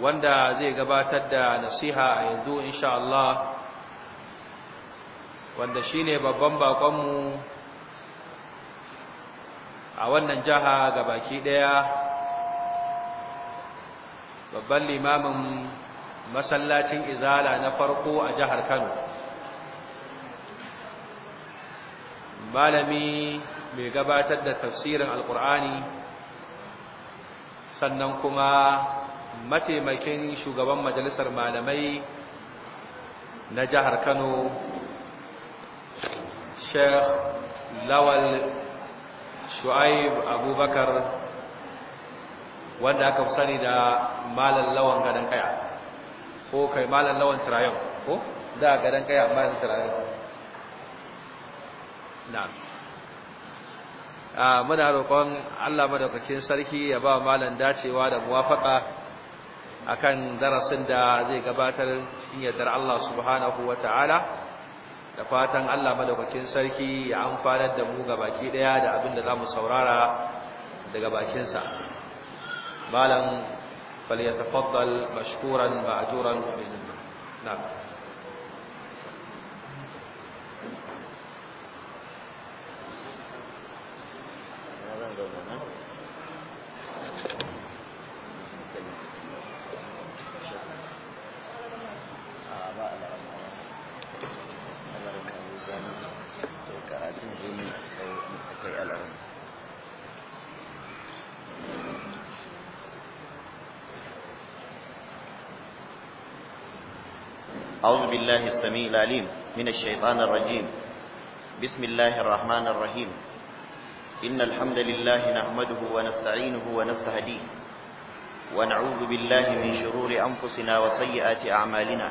wanda zai gabatar da nasiha a yanzu insha Allah wanda shine babban bakonmu a wannan jaha gabaki daya babban limamin masallacin izala na farko a jihar Kano malami mai gabatar da tafsirin alkur'ani sannan kuma mataimakin shugaban majalisar malamai na jihar Kano Sheikh Lawal Shu'aib Abubakar wanda aka sani da malam lawan gadan kaya ko kai malam lawan tirayon ko da gadan kaya malam tirayon na'am a ah, muna roƙon Allah madaukakin sarki ya ba malam dacewa da muwafaka akan darasin da zai gabatar cikin yardar Allah subhanahu wataala da fatan Allah madaukakin sarki ya amfanar da mu baki daya da abin da zamu saurara daga bakin sa malam falyatafaddal mashkuran ma'juran bi na'am الله السميع العليم من الشيطان الرجيم بسم الله الرحمن الرحيم إن الحمد لله نحمده ونستعينه ونستهديه ونعوذ بالله من شرور أنفسنا وسيئات أعمالنا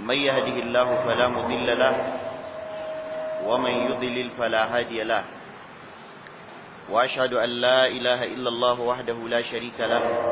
من يهده الله فلا مضل له ومن يضلل فلا هادي له وأشهد أن لا إله إلا الله وحده لا شريك له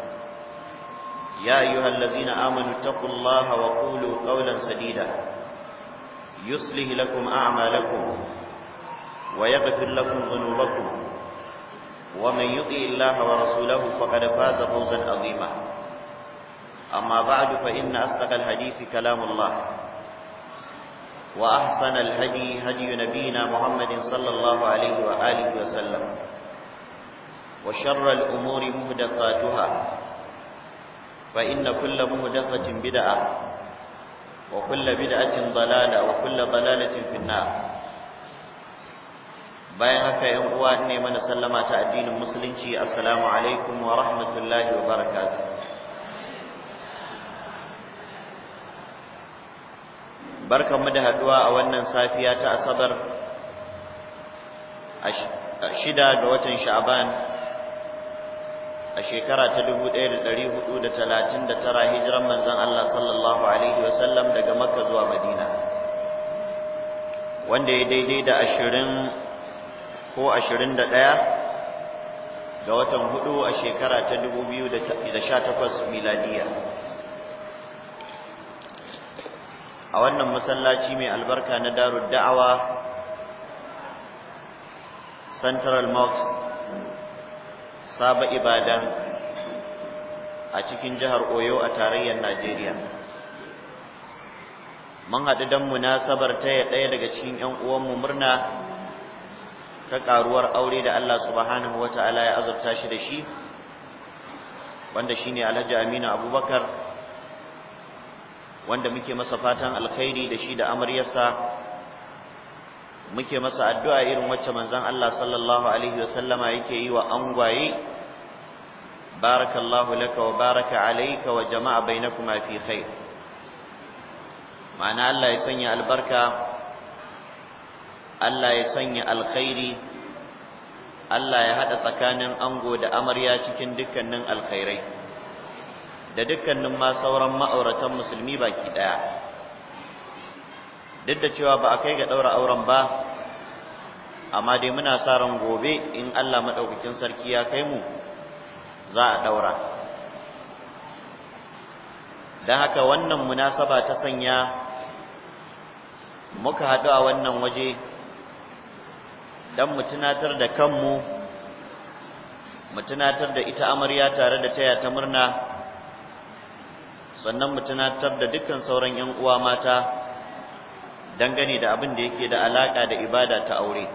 يا أيها الذين آمنوا اتقوا الله وقولوا قولا سديدا يصلح لكم أعمالكم ويغفر لكم ذنوبكم ومن يطع الله ورسوله فقد فاز فوزا عظيما أما بعد فإن أصدق الحديث كلام الله وأحسن الهدي هدي نبينا محمد صلى الله عليه وآله وسلم وشر الأمور مهدثاتها فإن كل مهدفة بدعة وكل بدعة ضلالة وكل ضلالة في النار bayan haka ‘yan uwa ne mana sallama ta addinin musulunci assalamu alaikum wa rahmatullahi wa barakatuh barkanmu da haduwa a wannan safiya ta asabar a shida ga watan sha'aban a shekara ta 1439 hijiran manzon Allah sallallahu alaihi wasallam daga Makka zuwa Madina wanda ya daidai da 20 ko 21 ga watan hudu a shekara ta 2018 miladiya a wannan masallaci mai albarka na darud da'awa central mosque saba ibadan a cikin jihar oyo a tarayyar najeriya mun haɗu don munasabar taya ɗaya daga cikin 'yan uwanmu murna ta ƙaruwar aure da allah subhanahu wa ta'ala ya azurta shi da shi wanda shine alhaji aminu abubakar wanda muke masa fatan alkhairi da shi da amaryarsa muke masa addu'a irin wacce manzon Allah sallallahu alaihi wasallama yake yi wa angwaye barakallahu laka wa baraka alayka wa jama'a bainakuma fi khair ma'ana Allah ya sanya albarka Allah ya sanya alkhairi Allah ya hada tsakanin ango da amarya cikin dukkanin alkhairai da dukkanin ma sauran ma'auratan musulmi baki daya duk da cewa ba a kai ga ɗaura auren ba amma dai muna sa ran gobe in Allah maɗaukakin sarki ya kai mu za a ɗaura don haka wannan munasaba ta sanya muka haɗu a wannan waje don mu tunatar da kanmu mu tunatar da ita amarya tare da taya ta murna sannan mu tunatar da dukkan sauran 'yan uwa mata dangane da abin da yake da alaka da ibada ta aure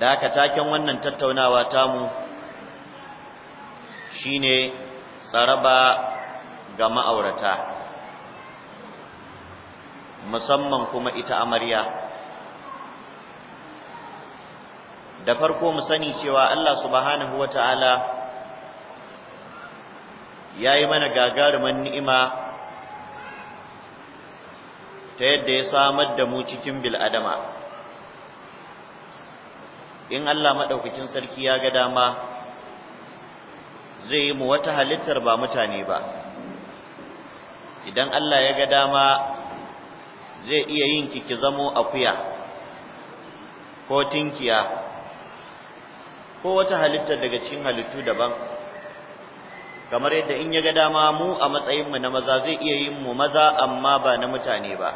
da haka taken wannan tattaunawa ta tamu shine tsaraba ga ma'aurata musamman kuma ita amarya da farko mu sani cewa Allah subhanahu Ya yi mana gagarumin ni'ima ta yadda ya samar da mu cikin bil'adama in Allah maɗaukakin sarki ya ga dama zai yi mu wata halittar ba mutane ba idan Allah ya ga dama zai iya yin kiki zamo akuya ko tinkiya ko wata halittar daga cikin halittu daban kamar yadda in ya ga dama mu a matsayin mu na maza zai iya yin mu maza amma ba na mutane ba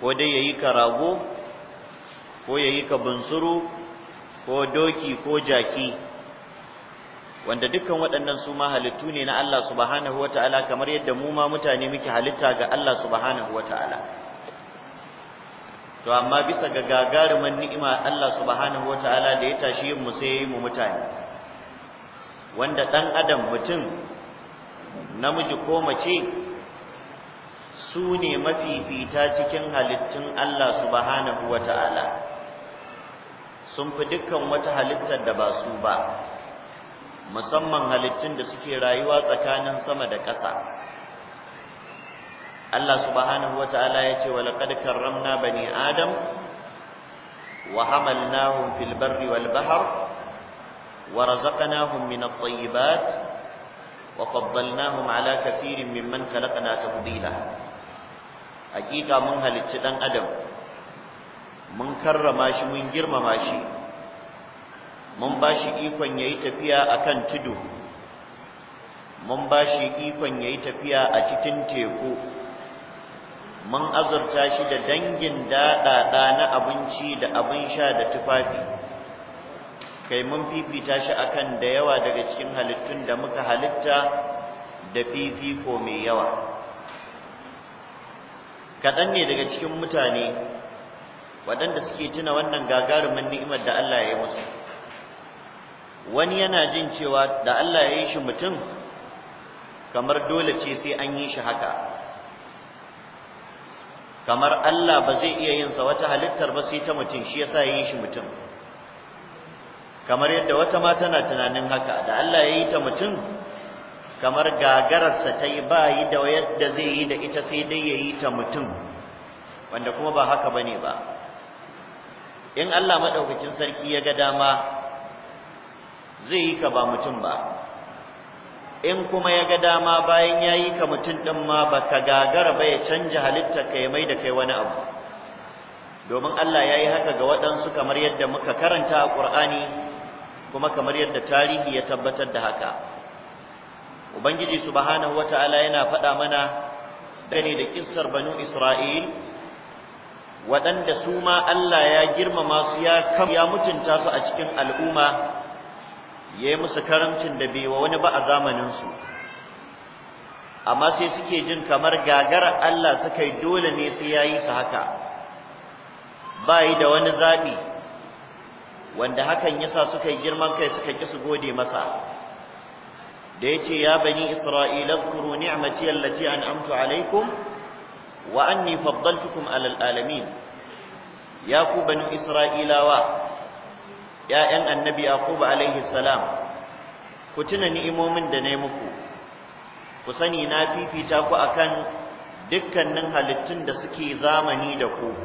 ko dai yayi yi ka rago ko ya yi ka bunsuru ko doki ko jaki wanda dukkan waɗannan su ma halittu ne na Allah subhanahu wata'ala kamar yadda mu ma mutane muke halitta ga Allah subhanahu wata'ala to amma bisa ga gagarumin ni'ima Allah subhanahu wata'ala da ya tashi mu sai mu mutane wanda ɗan adam mutum namiji ko mace su ne mafifita cikin halittun Allah subhanahu wa ta'ala sun fi dukkan wata halittar da ba su ba musamman halittun da suke rayuwa tsakanin sama da ƙasa Allah subhanahu wa ta'ala ya ce walaƙad karramna bani adam wa hamalnahum fil barri wal bahar? ورزقناهم من الطيبات وفضلناهم على كثير ممن خلقنا تفضيلا حقيقة من هل دان أدم من كرم ماشي من جرم ماشي من باشي إيكون يتفيا أكن تدو من باشي إيكون يتفيا أتتن تيكو من azurta shi دنجن دا daɗaɗa na abinci da abin sha da kai mun fifita shi akan da yawa daga cikin halittun da muka halitta da fifiko mai yawa kaɗan ne daga cikin mutane waɗanda suke tuna wannan gagarumin ni'imar da Allah ya yi musu wani yana jin cewa da Allah ya yi shi mutum kamar dole ce sai an yi shi haka kamar Allah ba zai iya yin sa wata halittar ba sai ta mutum shi yasa ya yi shi mutum kamar yadda wata ma tana tunanin haka da Allah ya yi ta mutum kamar gagararsa ta yi ba yi da yadda zai yi da ita sai dai ya yi ta mutum wanda kuma ba haka ba ne ba in Allah maɗaukacin sarki ya ga dama zai yi ka ba mutum ba in kuma ya ga dama bayan ya yi ka mutum ɗin ma ba ka gagara ba ya canja halitta ka mai da kai wani abu domin Allah ya yi haka ga waɗansu kamar yadda muka karanta a ƙur'ani kuma kamar yadda tarihi ya tabbatar da haka ubangiji subhanahu wataala yana faɗa mana dane da kissar banu isra'il waɗanda su ma Allah ya girmama su ya kam mutunta su a cikin al'umma yayi musu karamcin da bai wani ba a zamanin su amma sai suke jin kamar gagara Allah suka yi dole ne sai yayi su haka bai da wani zaɓi. wanda hakan yasa suka yi girman kai suka ki su gode masa da yace ya bani isra'ila zkuru ni'mati allati an'amtu Alaykum wa anni faddaltukum alal alamin ya ku bani isra'ilawa ya'yan annabi yaqub alaihi salam ku tuna ni'imomin da nayi muku ku sani na fifita ku akan dukkanin halittun da suke zamani da ku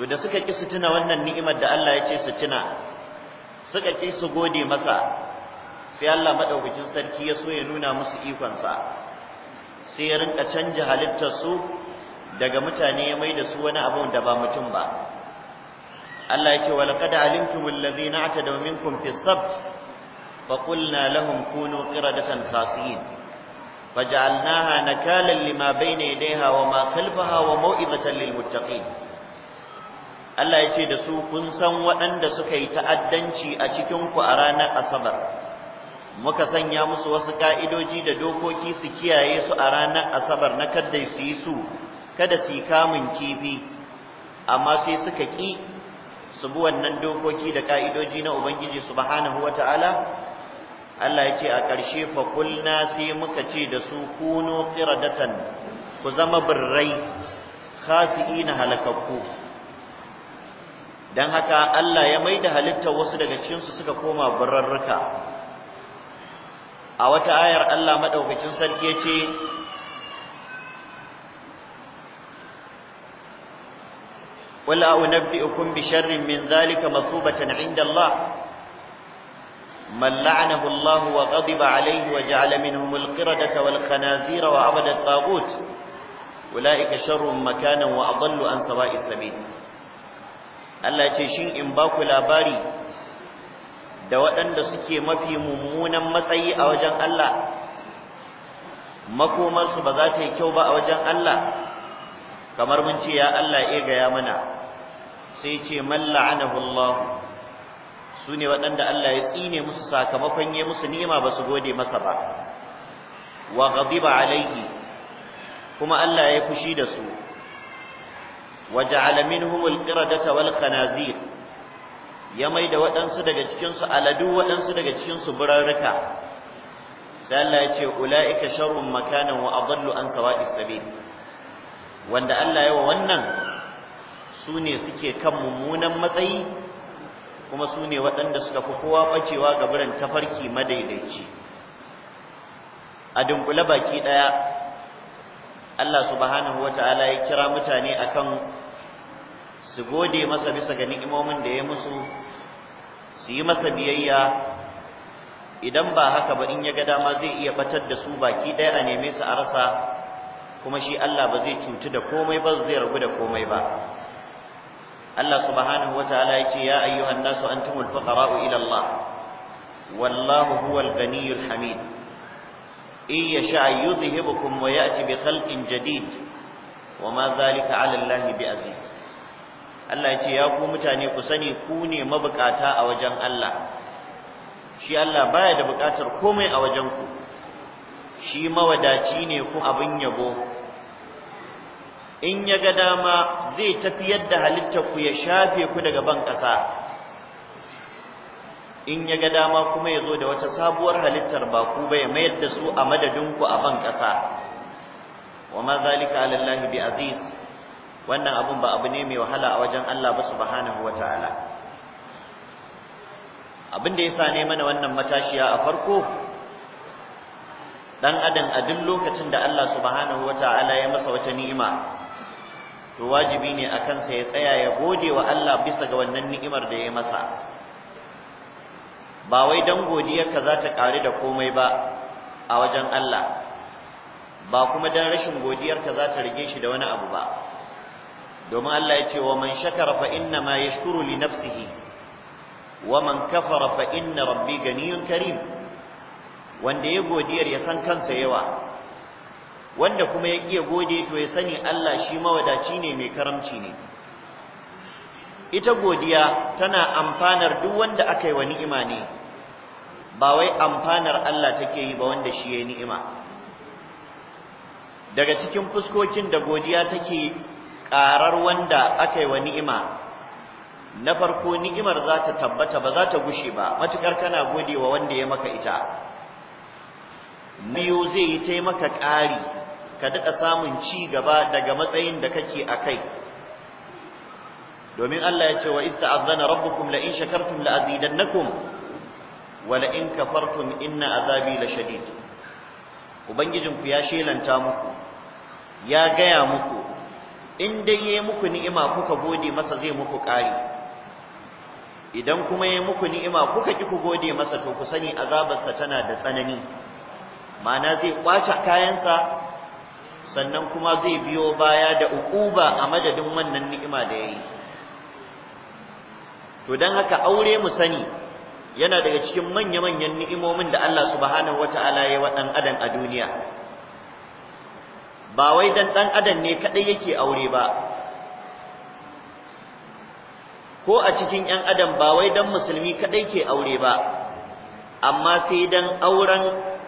to da suka ki su tuna wannan ni'imar da Allah ya ce su tuna suka ki su gode masa sai Allah madaukakin sarki ya so ya nuna musu ikonsa sai ya rinka canja halittar su daga mutane ya maida su wani abu da ba mutum ba Allah ya ce wa laqad alimtum ladhina atadaw minkum fi sabt فقلنا لهم كونوا قردة خاسئين فجعلناها نكالا لما بين يديها وما خلفها وموئظة للمتقين Allah ya ce da su kun san waɗanda suka yi ta'addanci a cikin ku a ranar Asabar muka sanya musu wasu ka'idoji da dokoki su kiyaye su a ranar Asabar na kada su yi su kada su yi kamun kifi amma sai suka ki su bi wannan dokoki da ka'idoji na Ubangiji subhanahu wata'ala Allah ya ce a ƙarshe fa kulna sai muka ce da su kunu qiradatan ku zama birrai khasi'ina halakakku dan haka Allah ya maida halittar wasu daga cikin su suka koma bararruka a wata ayar Allah maɗaukacin sarki yace wala unabbiukum bi sharrin min zalika masubatan 'inda Allah man la'anahu Allah wa ghadiba 'alayhi wa ja'ala minhum al-qirada wal khanazira wa 'abada at-taghut ulaika sharrun makanan wa adallu an sawa'is sabeel Allah ce shin in ba ku labari da waɗanda suke mafi mummunan matsayi a wajen Allah makomarsu ba za ta yi kyau ba a wajen Allah kamar mun ce ya Allah e gaya mana sai ce man la'anahu Allah su ne waɗanda Allah ya tsine musu sakamakon ya musu ni'ima ba su gode masa ba wa ghadiba alaihi kuma Allah ya fushi da su وجعل منهم القردة والخنازير ya mai da waɗansu daga cikinsu aladu waɗansu daga cikinsu burarruka sai Allah ya ce ula'ika sharrun makanan wa adallu an sawa'i sabil wanda Allah ya wa wannan su ne suke kan mummunan matsayi kuma su ne waɗanda suka fi kowa ɓacewa ga biran tafarki madaidaici a dunkule baki ɗaya Allah subhanahu wa ta'ala ya kira mutane akan su gode masa bisa ga ni'imomin da ya musu su yi masa biyayya idan ba haka ba in ya ga dama zai iya batar da su baki ɗaya a neme su a rasa kuma shi Allah ba zai cutu da komai ba zai ragu da komai ba Allah subhanahu wataala yace ya ayyuhan nasu antumul fuqara'u ila Allah wallahu huwal ghaniyyul hamid in yasha yudhhibukum wa ya'ti bi khalqin jadid وما ذلك على الله بعزيز Allah ya ce ya ku mutane ku sani ku ne mabukata a wajen Allah shi Allah baya da bukatar komai a wajen ku shi mawadaci ne ku abin yabo in ya ga dama zai tafi yadda halittar ku ya shafe ku daga ban ƙasa in ya ga dama kuma ya zo da wata sabuwar halittar ba ku ba ya mayar da su a madadin ku a ban ƙasa wa ma zalika ala bi aziz wannan abun ba abu ne mai wahala a wajen Allah ba subhanahu ta'ala abin da yasa ne mana wannan matashiya a farko dan adam a duk lokacin da Allah subhanahu ta'ala ya masa wata ni'ima to wajibi ne a kansa ya tsaya ya gode wa Allah bisa ga wannan ni'imar da ya masa ba wai dan godiyarka za ta kare da komai ba a wajen Allah ba kuma dan rashin godiyarka za ta rige shi da wani abu ba domin Allah ya ce wa man shakara fa inna ma yashkuru li nafsihi wa man kafara fa inna rabbi ganiyun karim wanda ya godiyar ya san kansa yawa wanda kuma ya iya gode to ya sani Allah shi mawadaci ne mai karamci ne ita godiya tana amfanar duk wanda aka yi wa ni'ima ne ba wai amfanar Allah take yi ba wanda shi ya ni'ima daga cikin fuskokin da godiya take ƙarar wanda aka yi wa ni'ima na farko ni'imar za ta tabbata ba za ta gushe ba matuƙar kana gode wa wanda ya maka ita biyu zai yi ta maka ƙari ka daɗa samun ci gaba daga matsayin da kake a kai domin Allah ya ce wa ista azana rabbukum la in shakartum la azidannakum wa la in kafartum inna azabi la shadid ubangijinku ya shelanta muku ya gaya muku in dai yayi muku ni'ima kuka gode masa zai muku ƙari idan kuma yayi muku ni'ima kuka ki ku gode masa to ku sani azabarsa tana da tsanani ma'ana zai kwace kayansa sannan kuma zai biyo baya da uquba a madadin wannan ni'ima da yayi to dan haka aure mu sani yana daga cikin manya-manyan ni'imomin da Allah subhanahu wataala ya wa dan adam a duniya ba wai dan dan adam ne kadai yake aure ba ko a cikin yan adam ba wai dan musulmi kadai ke aure ba amma sai dan auren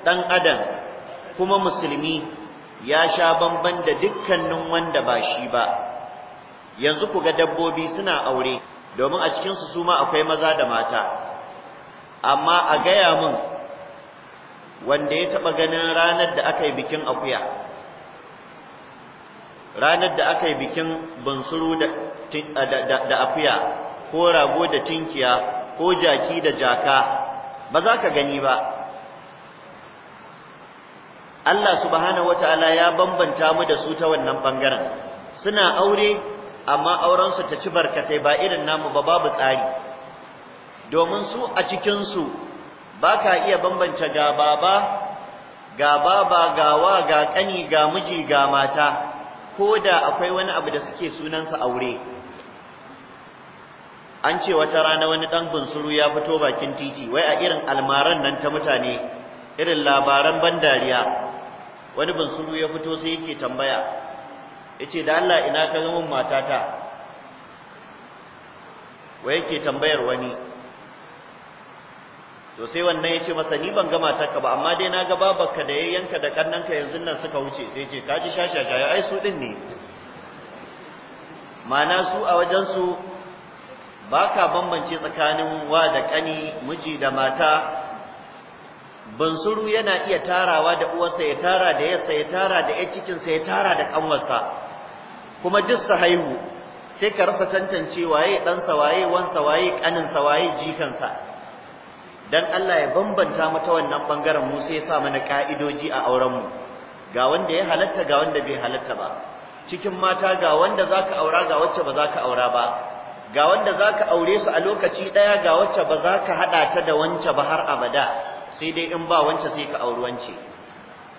dan adam kuma musulmi ya sha bamban da dukkanin wanda ba shi ba yanzu ku ga dabbobi suna aure domin a cikin su suma akwai maza da mata amma a gaya mun wanda ya taba ganin ranar da aka yi bikin akuya ranar da aka yi bikin bansuru da akuya ko rago da tinkiya ko jaki da jaka ba za ka gani ba Allah subhanahu wataala ya bambanta mu da su ta wannan bangaren suna aure amma aurensu ta ci barkatai ba irin namu ba babu tsari domin su a cikinsu ba ka iya bambanta ga baba ga baba ga wa ga ƙani ga miji ga mata ko da akwai wani abu da suke sunansa aure an ce wata rana wani ɗan bunsuru ya fito bakin titi wai a irin almaran nan ta mutane irin labaran ban dariya wani bunsuru ya fito sai yake tambaya yace da Allah ina ka zama matata wai yake tambayar wani to sai wannan ya ce masa ni ban ga matarka ba amma dai na ga babarka da yayyanka da kannanka yanzu nan suka wuce sai ce kaji shashasha ya ai su din ne Mana su a wajen su baka bambance tsakanin wa da kani miji da mata bansuru yana iya tarawa da uwarsa ya tara da yarsa ya tara da cikin cikinsa ya tara da kanwarsa kuma duk sa haihu sai ka rasa tantance waye ɗansa waye wansa waye ƙaninsa waye jikansa dan Allah ya bambanta mata wannan bangaren mu sai ya sa mana ka'idoji a auren mu ga wanda ya halatta ga wanda bai halatta ba cikin mata ga wanda zaka aura ga wacce ba zaka aura ba ga wanda zaka aure su a lokaci daya ga wacce ba zaka hada ta da wance ba har abada sai dai in ba wance sai ka auri wance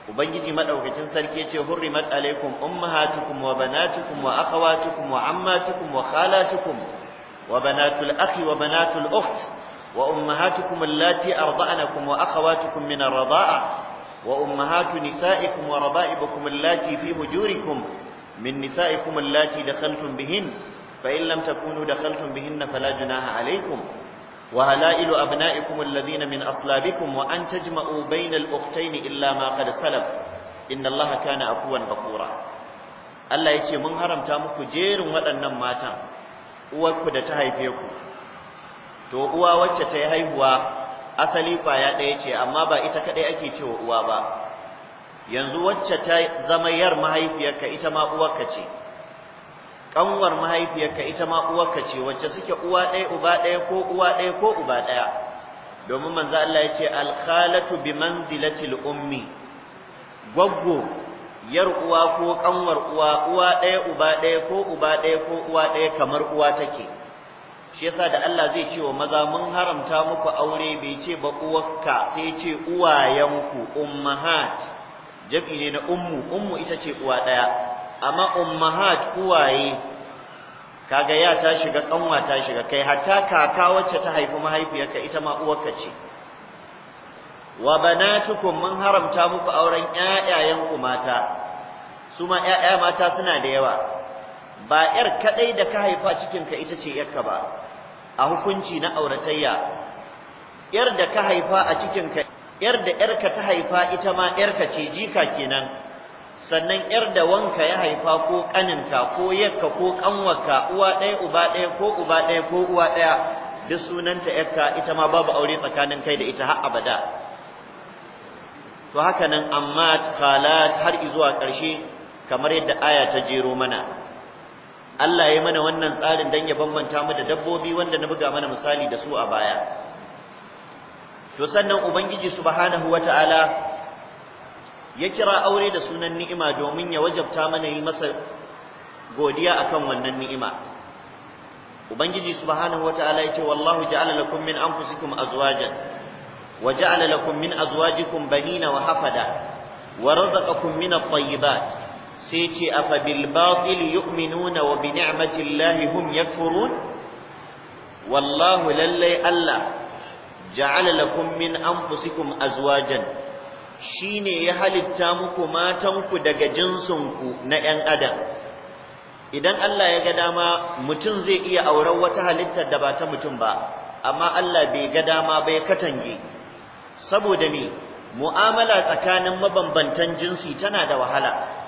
ubangiji madaukakin sarki ce, hurrimat alaikum ummahatukum wa banatukum wa akhawatukum wa ammatukum wa khalatukum wa banatul akhi wa banatul ukht وأمهاتكم اللاتي أرضعنكم وأخواتكم من الرضاعة وأمهات نسائكم وربائبكم اللاتي في هجوركم من نسائكم اللاتي دخلتم بهن فإن لم تكونوا دخلتم بهن فلا جناح عليكم وهلائل أبنائكم الذين من أصلابكم وأن تجمعوا بين الأختين إلا ما قد سلف إن الله كان عفوا غفورا Allah ya ce mun haramta muku jerin waɗannan matan uwarku da ta haife ku to uwa wacce ta yi haihuwa asali kwaya ɗaya ce amma ba ita kaɗai ake cewa uwa ba yanzu wacce ta zama yar mahaifiyarka ita ma uwarka ce mahaifiyar mahaifiyarka ita ma uwarka ce wacce suke uwa ɗaya uba ɗaya ko uwa ɗaya ko uba ɗaya domin manzo Allah ya ce alkhalatu bi manzilatil ummi gwaggo yar uwa ko ƙanwar uwa uwa ɗaya uba ɗaya ko uba ɗaya ko uwa ɗaya kamar uwa take shi yasa da Allah zai ce wa maza mun haramta muku aure bai ce ba uwarka sai ce uwayenku ummahat jam'i ne na ummu ummu ita ce uwa daya amma ummahat uwaye kaga ya ta shiga kanwa ta shiga kai hatta kaka wacce ta haifi mahaifiyarka ita ma uwarka ce wa banatukum mun haramta muku auren ƴaƴayenku mata su ma ƴaƴa mata suna da yawa ba 'yar kadai da ka haifa cikin ka ita ce ƴarka ba a hukunci na auratayya yar da ka haifa a cikin ka yar da yarka ta haifa ita ma yarka ce jika kenan sannan yar da wanka ya haifa ko kaninka ko yakka ko kanwarka uwa ɗaya uba ɗaya ko uba ɗaya ko uwa ɗaya duk sunanta yarka ita ma babu aure tsakanin kai da ita har abada to haka nan amma khalat har zuwa ƙarshe kamar yadda aya ta jero mana Allah ya mana wannan tsarin dan ya bambanta mu da dabbobi wanda na buga mana misali da su a baya to sannan ubangiji subhanahu wataala ya kira aure da sunan ni'ima domin ya wajabta mana yi masa godiya akan wannan ni'ima ubangiji subhanahu wataala yace wallahu ja'ala lakum min anfusikum azwajan wa ja'ala lakum min azwajikum banina wa hafada wa razaqakum min at-tayyibat sai ce afa bil yu'minuna wa bi ni'mati hum yakfurun wallahu lallai Allah ja'ala lakum min anfusikum azwajan shine ya halitta muku matanku daga jinsinku na 'yan adam idan Allah ya ga dama mutum zai iya auren wata halittar da ba ta mutum ba amma Allah bai ga dama bai katange saboda me mu'amala tsakanin mabambantan jinsi tana da wahala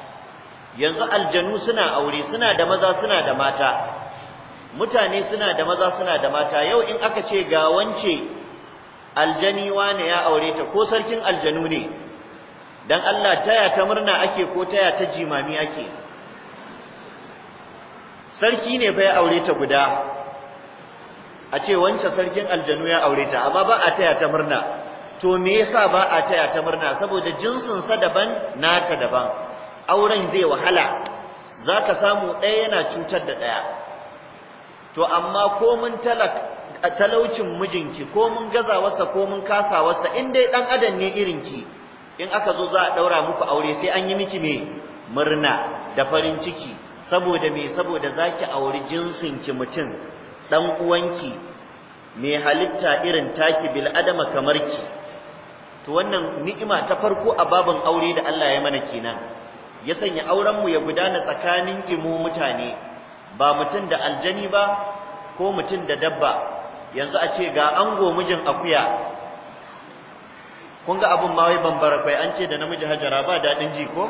yanzu aljanu suna aure suna da maza suna da mata mutane suna da maza suna da mata yau in aka ce ga wance aljani wane ya aure ta ko sarkin aljanu ne dan Allah taya ta murna ake ko taya ta jimami ake sarki ne fa ya aure ta guda a ce wancan sarkin aljanu ya aure ta amma ba a taya ta murna to me yasa ba a taya ta murna saboda jinsin sa daban naka daban auren zai wahala za ka samu ɗaya yana cutar da ɗaya to amma ko mun talaucin mijinki ko mun wasa, ko mun wasa, in dai ɗan adam ne irinki in aka zo za a ɗaura muku aure sai an yi miki me murna da farin ciki saboda me saboda za ki auri jinsinki mutum ɗan uwanki mai halitta irin taki bil adama kamar ki to wannan ni'ima ta farko a babin aure da Allah ya mana kenan ya sanya auren mu ya gudana tsakanin imu mutane ba mutun da aljani ba ko mutun da dabba yanzu a ce ga ango mijin akuya kun ga abun ma wai bambara kai an ce da namiji hajara ba dadin ji ko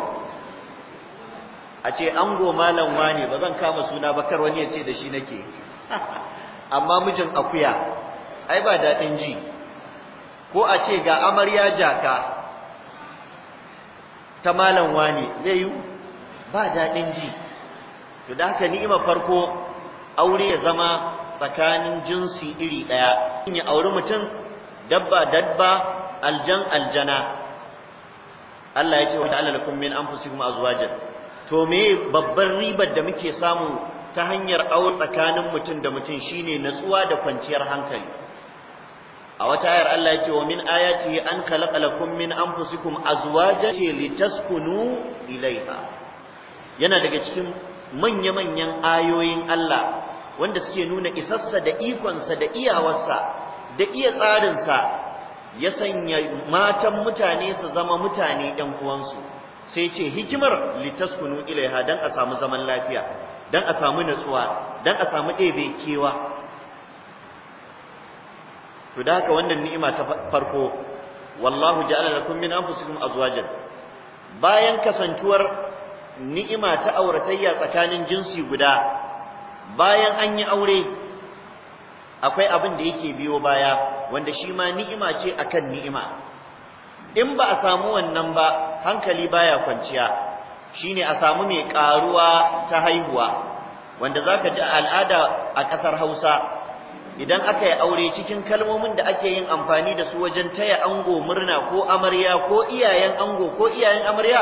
a ce ango malam wani ba zan kama suna ba kar wani ya ce da shi nake amma mijin akuya ai ba dadin ji ko a ce ga amarya jaka ta malam wane zai yi ba daɗin ji to da haka ni'imar farko aure ya zama tsakanin jinsi iri ɗaya in ya auri mutum dabba dabba aljan aljana Allah ya ce wa ta'ala lakum min anfusikum azwajan to me babbar ribar da muke samu ta hanyar aure tsakanin mutum da mutum shine natsuwa da kwanciyar hankali a wata ayar Allah ya ce wa min ayati an khalaqalakum min anfusikum azwajan litaskunu ilaiha yana daga cikin manya-manyan ayoyin Allah wanda suke nuna isassa da ikonsa da iyawarsa da iya tsarinsa ya sanya matan mutane su zama mutane ɗan uwansu sai ce hikimar litaskunu ilaiha dan a samu zaman lafiya dan a samu natsuwa dan a samu ɗebe kewa to da haka wannan ni'ima ta farko wallahu ja'ala lakum min anfusikum azwajan bayan kasantuwar ni'ima ta auratayya tsakanin jinsi guda bayan an yi aure akwai abin da yake biyo baya wanda shi ma ni'ima ce akan ni'ima in ba a samu wannan ba hankali baya kwanciya shine a samu mai karuwa ta haihuwa wanda zaka ji al'ada a ƙasar Hausa idan aka yi aure cikin kalmomin da ake yin amfani da su wajen taya ango murna ko amarya ko iyayen ango ko iyayen amarya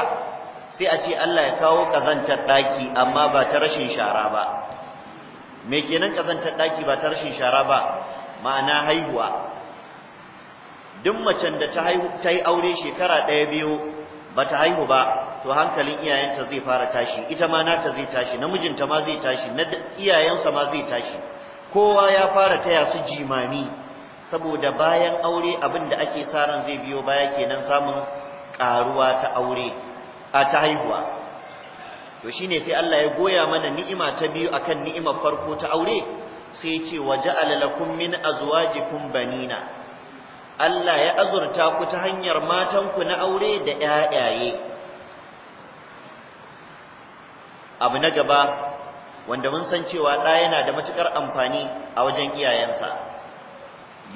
sai a ce Allah ya kawo kazantar daki amma ba ta rashin shara ba me kenan kazantar daki ba ta rashin shara ba ma'ana haihuwa duk macen da ta haihu ta yi aure shekara ɗaya biyu bata haihu ba to hankalin iyayenta zai fara tashi ita ma nata zai tashi namijinta ma zai tashi na iyayensa ma zai tashi kowa ya fara taya su jimami saboda bayan aure abin da ake sa zai biyo baya kenan samun karuwa ta aure a ta haihuwa to shine sai Allah ya goya mana ni'ima ta biyu akan ni'imar farko ta aure sai ce waja'ala lakum min azwajikum banina Allah ya azurta ku ta hanyar matan ku na aure da ƴaƴaye abu na gaba wanda mun san cewa ɗa yana da matukar amfani a wajen iyayensa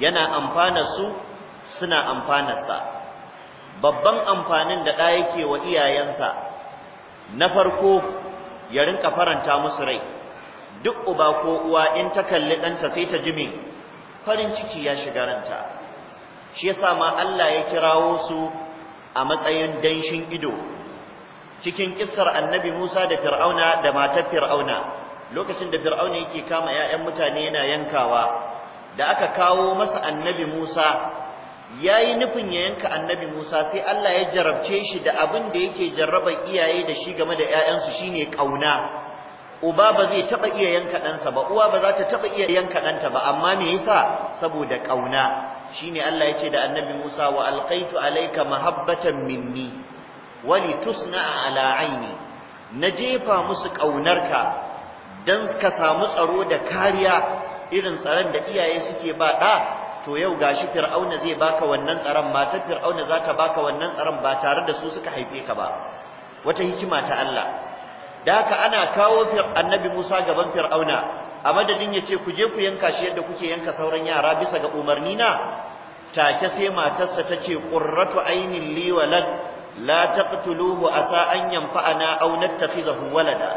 yana amfana su suna amfanarsa babban amfanin da ɗa yake wa iyayensa na farko ya rinka faranta musu rai duk uba ko uwa in ta kalli ɗanta sai ta jimi farin ciki ya shiga ranta shi yasa ma Allah ya kirawo su a matsayin danshin ido cikin kissar annabi Musa da Fir'auna da matar Fir'auna lokacin da Fir'auna yake kama ƴaƴan mutane yana yankawa da aka kawo masa annabi Musa yayi nufin ya yanka annabi Musa sai Allah ya jarabce shi da abin da yake jarraba iyaye da shi game da 'ya'yansu shine kauna uba ba zai taba iya yanka ɗansa ba uwa ba za ta taba iya yanka ɗanta ba amma me yasa saboda kauna shine Allah ya ce da annabi Musa wa alqaitu alayka mahabbatan minni wali tusna ala aini na jefa musu ƙaunarka dan ka samu tsaro da kariya irin tsaron da iyaye suke ba ɗa to yau gashi fir'auna zai baka wannan tsaron matar fir'auna za ta baka wannan tsaron ba tare da su suka haife ka ba wata hikima ta Allah da haka ana kawo annabi Musa gaban fir'auna a madadin yace ku je ku yanka shi yadda kuke yanka sauran yara bisa ga umarni na take sai matarsa tace ce qurratu ainin li walad la taqtuluhu asa an yanfa'ana aw nattakhizahu walada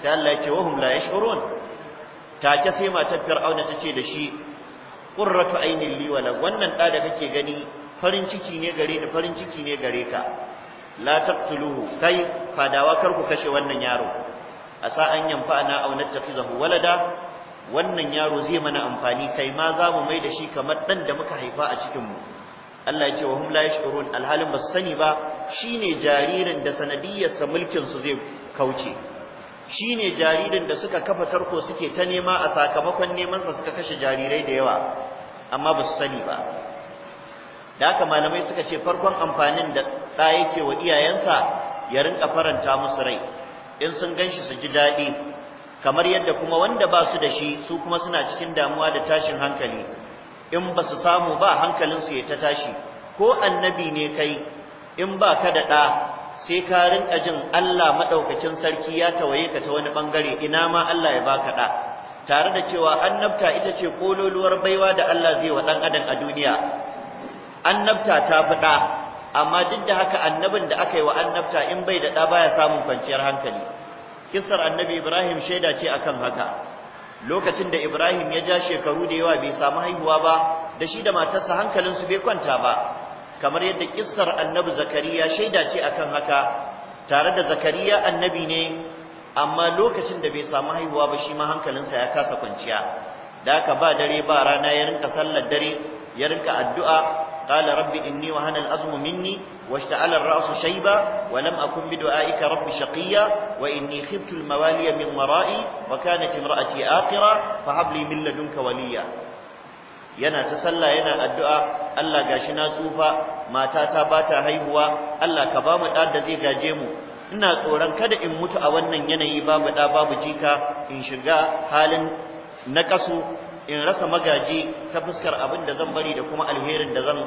sai Allah ya ce wa la yash'urun ce sai matar fir'auna ta ce da shi qurratu aynin li wala wannan da da kake gani farin ciki ne gare ni farin ciki ne gare ka la taqtuluhu kai fadawa kar ku kashe wannan yaro asa an yanfa'ana aw nattakhizahu walada wannan yaro zai mana amfani kai ma za mu mai da shi kamar ɗan da muka haifa a cikinmu Allah ya ce wa hum la yashkurun alhalin ba su sani ba Shi ne jaririn da sa mulkin su zai kauce Shi ne jaririn da suka kafa tarko suke ta nema a sakamakon neman sa suka kashe jarirai da yawa amma ba su sani ba da haka malamai suka ce farkon amfanin da ɗa yake wa iyayensa ya rinka faranta musu rai in sun ganshi su ji daɗi kamar yadda kuma wanda ba su da shi su kuma suna cikin damuwa da tashin hankali in ba su samu ba hankalinsu ya ta tashi ko annabi ne kai in ba ka da ɗa sai ka rinka jin Allah maɗaukacin sarki ya tawaye ka ta wani ɓangare ina ma Allah ya baka ɗa tare da cewa annabta ita ce kololuwar baiwa da Allah zai wa ɗan adam a duniya annabta ta fi ɗa amma duk da haka annabin da aka yi wa annabta in bai da ɗa baya samun kwanciyar hankali kissar annabi Ibrahim shaida ce akan haka lokacin da Ibrahim ya ja shekaru da yawa bai samu haihuwa ba da shi da matarsa hankalinsu bai kwanta ba kamar yadda kissar annabi zakariya shaida ce akan haka tare da zakariya annabi ne amma lokacin da bai samu haihuwa ba shi ma hankalinsa ya kasa kwanciya da haka ba dare ba rana ya rinka sallar dare ya rinka addu'a qala rabbi inni wa hanal azmu minni washta'ala ar-ra'su shayba wa lam akun bi du'aika rabbi shaqiyya wa inni khiftu al-mawaliya min wara'i wa kanat imra'ati aqira fa hab min ladunka waliya yana ta sallah yana addu'a Allah gashi na tsufa matata ba ta haihuwa Allah ka ba mu da da zai gaje mu ina tsoron kada in mutu a wannan yanayi babu da babu jika in shiga halin nakasu in rasa magaji ta fuskar abin da zan bari da kuma alherin da zan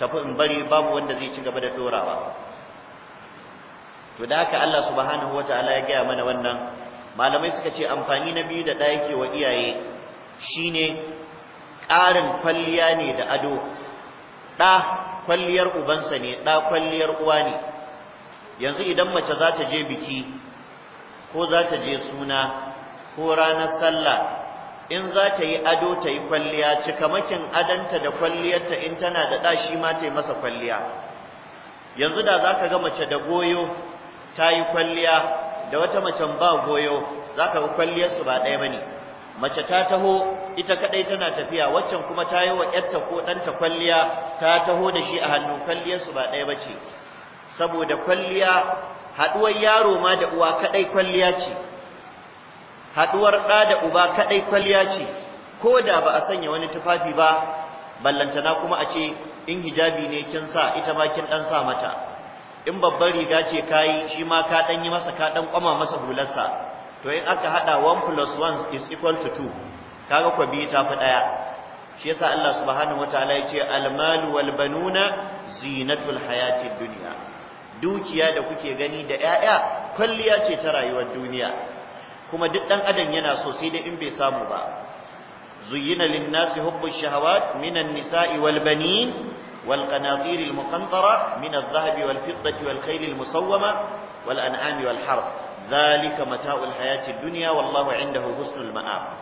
tafi in bari babu wanda zai ci gaba da dorawa to da haka Allah subhanahu wataala ya gaya mana wannan malamai suka ce amfani na biyu da da yake wa iyaye shine ƙarin kwalliya ne da ado ɗa kwalliyar ubansa ne ɗa kwalliyar uwa ne yanzu idan mace za ta je biki ko za ta je suna ko ranar sallah in za ta yi ado ta yi kwalliya cikamakin adanta da kwalliyarta in tana da ɗa shi ma ta yi masa kwalliya yanzu da za ka ga mace da goyo ta yi kwalliya da wata macen ba goyo za ka ga kwalliyarsu ba ɗaya ba ne mace ta taho ita kadai tana tafiya waccan kuma ta yi wa yarta ko danta kwalliya ta taho da shi a hannu kwalliyar su ba ɗaya bace saboda kwalliya haduwar yaro ma da uwa kadai kwalliya ce haduwar ɗa da uba kadai kwalliya ce ko da ba a sanya wani tufafi ba ballantana kuma a ce in hijabi ne kin sa ita ma kin dan sa mata in babbar riga ce kayi shi ma ka dan yi masa ka dan kwama masa hularsa to in aka haɗa 1 plus 1 is equal to 2 kaga ku biyi tafi daya shi yasa Allah subhanahu wataala ya ce almal wal banuna zinatul hayatin duniya. dukiya da kuke gani da yaya kwalliya ce ta rayuwar duniya kuma duk ɗan adam yana sosai da in bai samu ba zuyina lin nasi hubbush shahawat minan nisa'i wal banin wal qanatir al muqantara min al wal fiddati wal musawwama wal an'ami wal harf zalika mata'ul hayati dunya wallahu indahu husnul ma'ab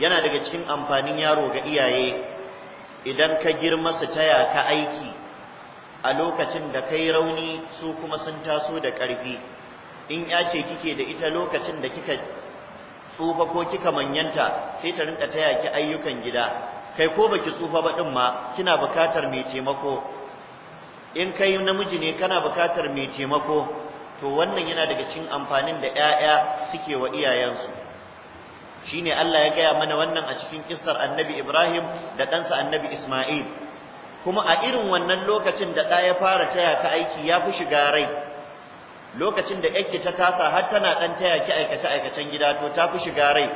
yana daga cikin amfanin yaro ga iyaye idan ka girma su taya ka aiki a lokacin da kai rauni su kuma sun taso da ƙarfi in ya ce kike da ita lokacin da kika tsufa ko kika manyanta sai ta rinka taya ki ayyukan gida kai ko baki tsufa ba din ma kina bukatar mai taimako in kai namiji ne kana bukatar mai taimako to wannan yana daga cikin amfanin da ƴaƴa suke wa iyayensu shine Allah ya gaya mana wannan a cikin kissar Annabi Ibrahim da ɗansa Annabi Isma'il kuma a irin wannan lokacin da ɗa ya fara taya ka aiki ya fi shiga rai lokacin da ƴakki ta tasa har tana ɗan taya ki aikace aikacen gida to ta fi shiga rai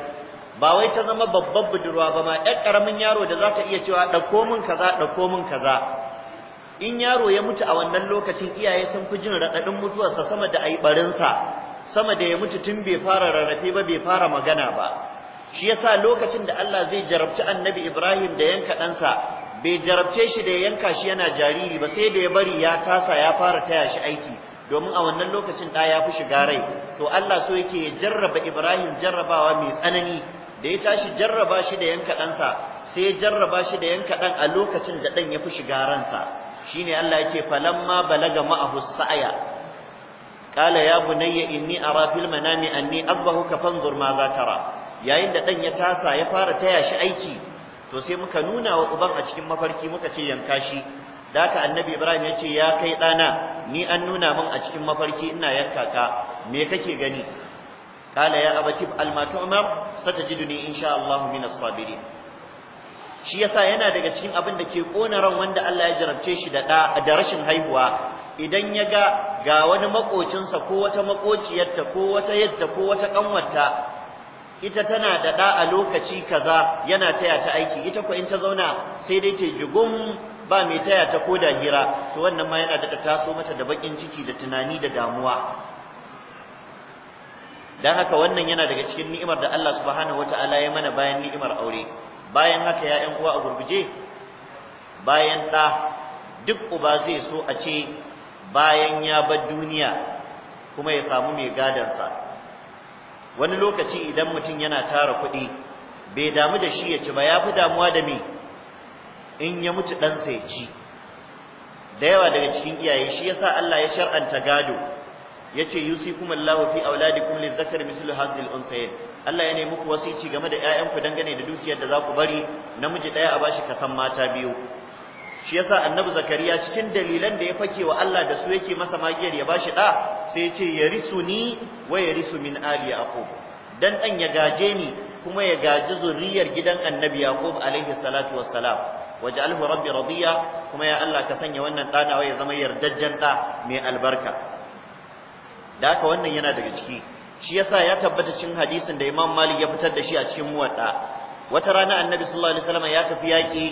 ba wai ta zama babbar budurwa ba ma ƴar ƙaramin yaro da za ta iya cewa ɗauko min kaza ɗauko min kaza in yaro ya mutu a wannan lokacin iyaye sun fi jin raɗaɗin mutuwarsa sama da barin sa sama da ya mutu tun bai fara rarrafe ba bai fara magana ba shi yasa lokacin da Allah zai jarabci annabi Ibrahim da yanka ɗansa bai jarabce shi da yanka shi yana jariri ba sai da ya bari ya tasa ya fara taya shi aiki domin a wannan lokacin ɗa ya fi shiga rai to Allah so yake ya jarraba Ibrahim jarrabawa mai tsanani da ya tashi jarraba shi da yanka ɗansa sai ya jarraba shi da yanka ɗan a lokacin da ɗan ya fi shiga ransa shine Allah yake falamma balaga ma'ahu sa'ya qala ya bunayya inni ara fil manami anni azbahuka fanzur ma za tara yayin da dan ya tasa ya fara taya shi aiki to sai muka nuna wa uban a cikin mafarki muka ce yanka shi daka annabi ibrahim yace ya kai dana ni an nuna min a cikin mafarki ina yanka ka me kake gani qala ya abati al ma tu'mar satajiduni insha Allah min as-sabirin shi yasa yana daga cikin abin da ke kona ran wanda Allah ya jarabce shi da da rashin haihuwa idan ya ga ga wani makocinsa ko wata makociyarta ko wata yadda ko wata kanwarta ita tana da da a lokaci kaza yana taya ta aiki ita ko in ta zauna sai dai ta jigum ba mai taya ta koda hira to wannan ma yana da taso mata da bakin ciki da tunani da damuwa dan haka wannan yana daga cikin ni'imar da Allah subhanahu wataala ya mana bayan ni'imar aure bayan haka ya 'yan uwa a gurguje bayan ɗa duk uba zai so a ce bayan ya bar duniya kuma ya samu mai gadansa wani lokaci idan mutum yana tara kuɗi bai damu da shi ya ci ba ya fi damuwa da me in ya mutu ɗansa ya ci da yawa daga cikin iyaye shi yasa Allah ya shar'anta gado yace yusikumullahu fi auladikum lizakari mislu hadhil unsayin Allah ya nemi muku wasici game da ƴaƴanku dangane da dukiyar da za ku bari namiji ɗaya a bashi kasan mata biyu shi yasa annabi zakariya cikin dalilan da ya fake wa Allah da su yake masa magiyar ya bashi ɗa sai ya ce yarisuni wa yarisu min ali yaqub dan ɗan ya gaje ni kuma ya gaji zuriyar gidan annabi yaqub alaihi salatu wassalam waj'alhu rabbi radiya kuma ya Allah ka sanya wannan ɗanawa ya zama yardajjen ɗa mai albarka da haka wannan yana daga ciki shi yasa ya tabbata cin hadisin da Imam Malik ya fitar da shi a cikin muwatta wata rana Annabi sallallahu alaihi wasallam ya tafi yaki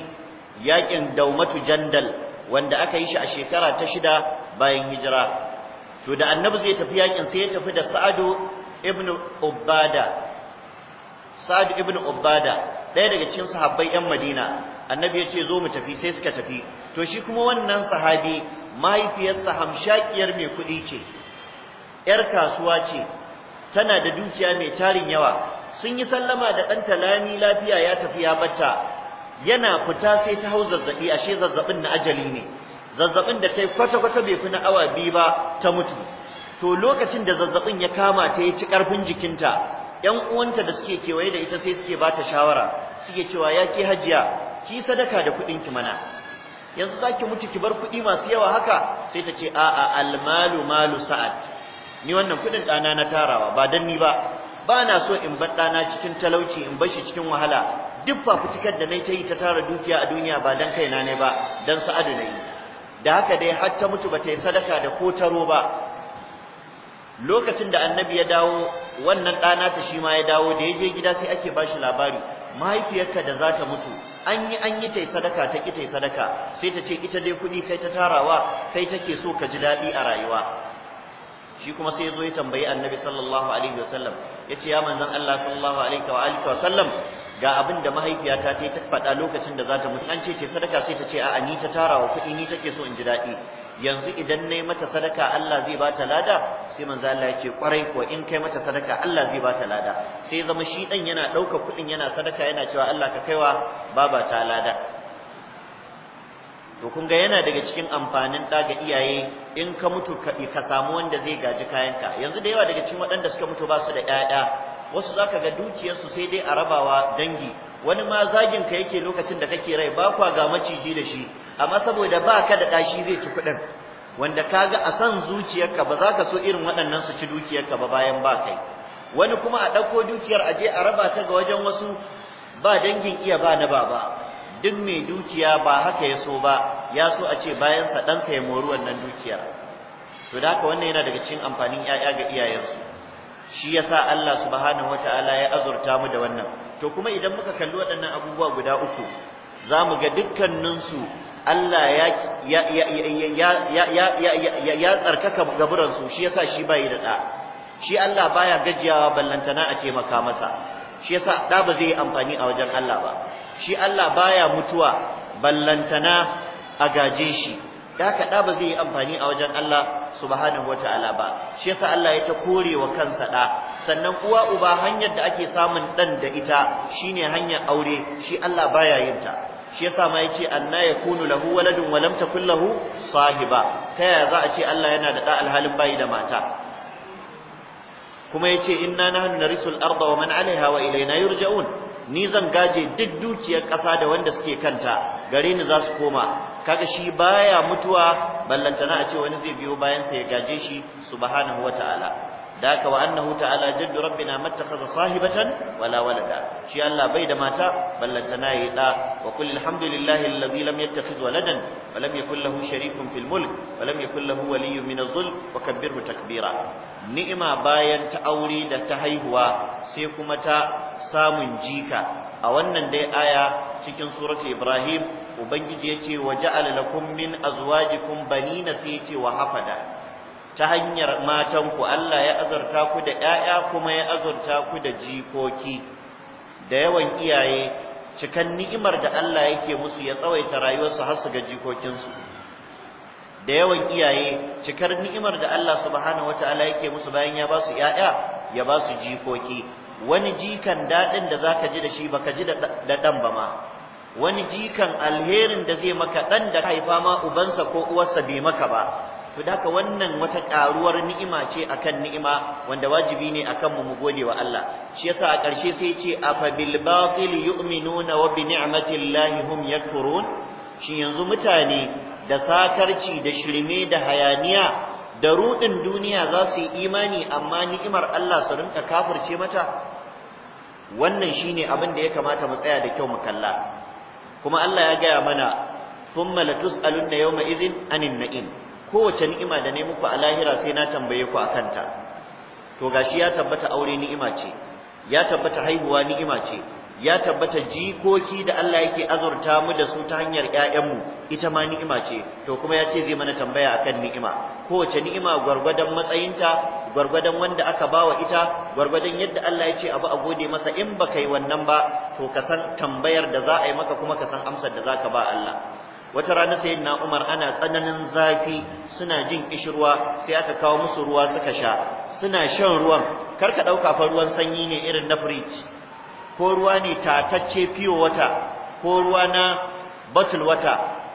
yakin Daumatu Jandal wanda aka yi shi a shekara ta shida bayan hijira to da Annabi zai tafi yakin sai ya tafi da Sa'adu ibn Ubada ibn Ubada ɗaya daga cikin sahabbai ƴan Madina annabi ya ce zo mu tafi sai suka tafi to shi kuma wannan sahabi mahaifiyarsa hamshakiyar mai kuɗi ce ƴar kasuwa ce tana da dukiya mai tarin yawa sun yi sallama da ɗanta lami lafiya ya tafi ya batta yana fita sai ta hau zazzaɓi ashe zazzaɓin na ajali ne zazzaɓin da ta kwata-kwata bai fi na awa biyu ba ta mutu to lokacin da zazzaɓin ya kama ta ya ci ƙarfin jikinta ƴan uwanta da suke kewaye da ita sai suke bata shawara suke cewa ya ke hajiya ki sadaka da kuɗin ki mana yanzu zaki mutu ki bar kuɗi masu yawa haka sai ta ce a'a almalu malu sa'ad ni wannan kudin ɗana na tarawa ba dan ni ba ba na so in bar ɗana cikin talauci in bar shi cikin wahala duk fafutukar da na ta yi ta tara dukiya a duniya ba dan kaina ne ba dan sa'adu na yi da haka dai har ta mutu ba ta yi sadaka da ko taro ba lokacin da annabi ya dawo wannan ɗana ta shi ma ya dawo da ya je gida sai ake ba shi labari mahaifiyarka da za ta mutu an yi an yi yi sadaka ta ki yi sadaka sai ta ce ita dai kuɗi kai ta tarawa kai take so ka ji daɗi a rayuwa shi kuma sai zo ya tambayi annabi sallallahu alaihi wa sallam ya manzan Allah sallallahu alaihi wa alihi sallam ga abin da mahaifiyata ta ta faɗa lokacin da za ta mutu an ce ce sadaka sai ta ce a'a ni ta tara wa kuɗi ni take so in ji daɗi yanzu idan nayi mata sadaka Allah zai ba ta lada sai manzo Allah yake kwarai ko in kai mata sadaka Allah zai ba ta lada sai zama shi dan yana ɗauka kuɗin yana sadaka yana cewa Allah ka kaiwa baba ta lada to kun ga yana daga cikin amfanin da ga iyaye in ka mutu ka samu wanda zai gaji kayanka yanzu da yawa daga cikin waɗanda suka mutu ba su da ƴaƴa wasu zaka ga dukiyarsu sai dai a rabawa dangi wani ma zagin ka yake lokacin da kake rai ba kwa ga maciji da shi amma saboda ba ka da ɗashi zai ci kuɗin wanda ka ga a san zuciyarka ba za ka so irin waɗannan su ci dukiyarka ba bayan ba kai wani kuma a ɗauko dukiyar aje a raba ta ga wajen wasu ba dangin iya ba na baba duk mai dukiya ba haka ya so ba ya so a ce bayan sa ɗansa ya mori wannan dukiya. to da haka wannan yana daga cikin amfanin ƴaƴa ga iyayensu shi yasa Allah subhanahu wataala ya azurta mu da wannan to kuma idan muka kalli waɗannan abubuwa guda uku za mu ga dukkaninsu Allah ya ya ya ya tsarkaka gaburansu shi yasa shi bai da ɗa shi Allah baya gajiyawa ballantana a taimaka masa shi yasa ɗa ba zai yi amfani a wajen Allah ba shi Allah baya mutuwa ballantana a gaje shi da da ba zai yi amfani a wajen Allah subhanahu wataala ba shi yasa Allah ya ta kore wa kansa da sannan uwa uba hanyar da ake samun dan da ita shine hanyar aure shi Allah baya yin ta shi yasa ma yace anna yakunu lahu waladun wa lam lahu sahiba ta yaya za a ce Allah yana da da alhalin bayi da mata kuma yace inna nahnu narisul arda wa man alaiha wa ilaina yurja'un ni zan gaje duk dukiyar ƙasa da wanda suke kanta gare ni za su koma kaga shi baya mutuwa ballantana a ce wani zai biyo bayan sa ya gaje shi subhanahu wataala daka wa annahu ta'ala jaddu rabbina mattakhadha sahibatan wala walada shi Allah bai da mata ballanta nayi da wa qul alhamdulillahi allazi lam yattakhidh waladan wa lam yakul lahu sharikun fil mulk wa lam yakul lahu waliyyun min adh takbira ni'ima bayan ta aure da ta haihuwa sai kuma ta samun jika a wannan dai aya cikin surati Ibrahim ubangiji yace wa ja'ala lakum min azwajikum banina sai yace wa hafada ta hanyar matanku Allah ya azurta ku da ƴaƴa kuma ya azurta ku da jikoki da yawan iyaye cikan ni'imar da Allah yake musu ya tsawaita rayuwarsu har su ga jikokinsu da yawan iyaye cikar ni'imar da Allah subhanahu wataala yake musu bayan ya ba su ƴaƴa ya ba su jikoki wani jikan daɗin da zaka ji da shi baka ji da dan ba ma wani jikan alherin da zai maka ɗan da haifa ma ubansa ko uwarsa bai maka ba to daka wannan wata karuwar ni'ima ce akan ni'ima wanda wajibi ne akan mu mu gode wa Allah shi yasa a ƙarshe sai ce afa bil batil yu'minuna wa bi ni'matillahi hum yakfurun shi yanzu mutane da sakarci da shirme da hayaniya da rudin duniya za su yi imani amma ni'imar Allah su rinka kafirce mata wannan shine abin da ya kamata mu tsaya da kyau mu kalla kuma Allah ya gaya mana thumma latus'alunna yawma idhin anin na'im kowace ni'ima da ne muku a lahira sai na tambaye ku akan ta to gashi ya tabbata aure ni'ima ce ya tabbata haihuwa ni'ima ce ya tabbata jikoki da Allah yake azurta mu da su ta hanyar ƴaƴanmu ita ma ni'ima ce to kuma ya ce zai mana tambaya akan ni'ima kowace ni'ima gwargwadon matsayinta gwargwadon wanda aka bawa ita gwargwadon yadda Allah ya ce abu a gode masa in baka yi wannan ba to ka san tambayar da za a yi maka kuma ka san amsar da za ka ba Allah wata rana sayyidina Umar ana tsananin zafi suna jin kishirwa sai aka kawo musu ruwa suka sha suna shan ruwan karka ka dauka fa ruwan sanyi ne irin na fridge ko ruwa ne tatacce fiyo wata ko ruwa na bottle wata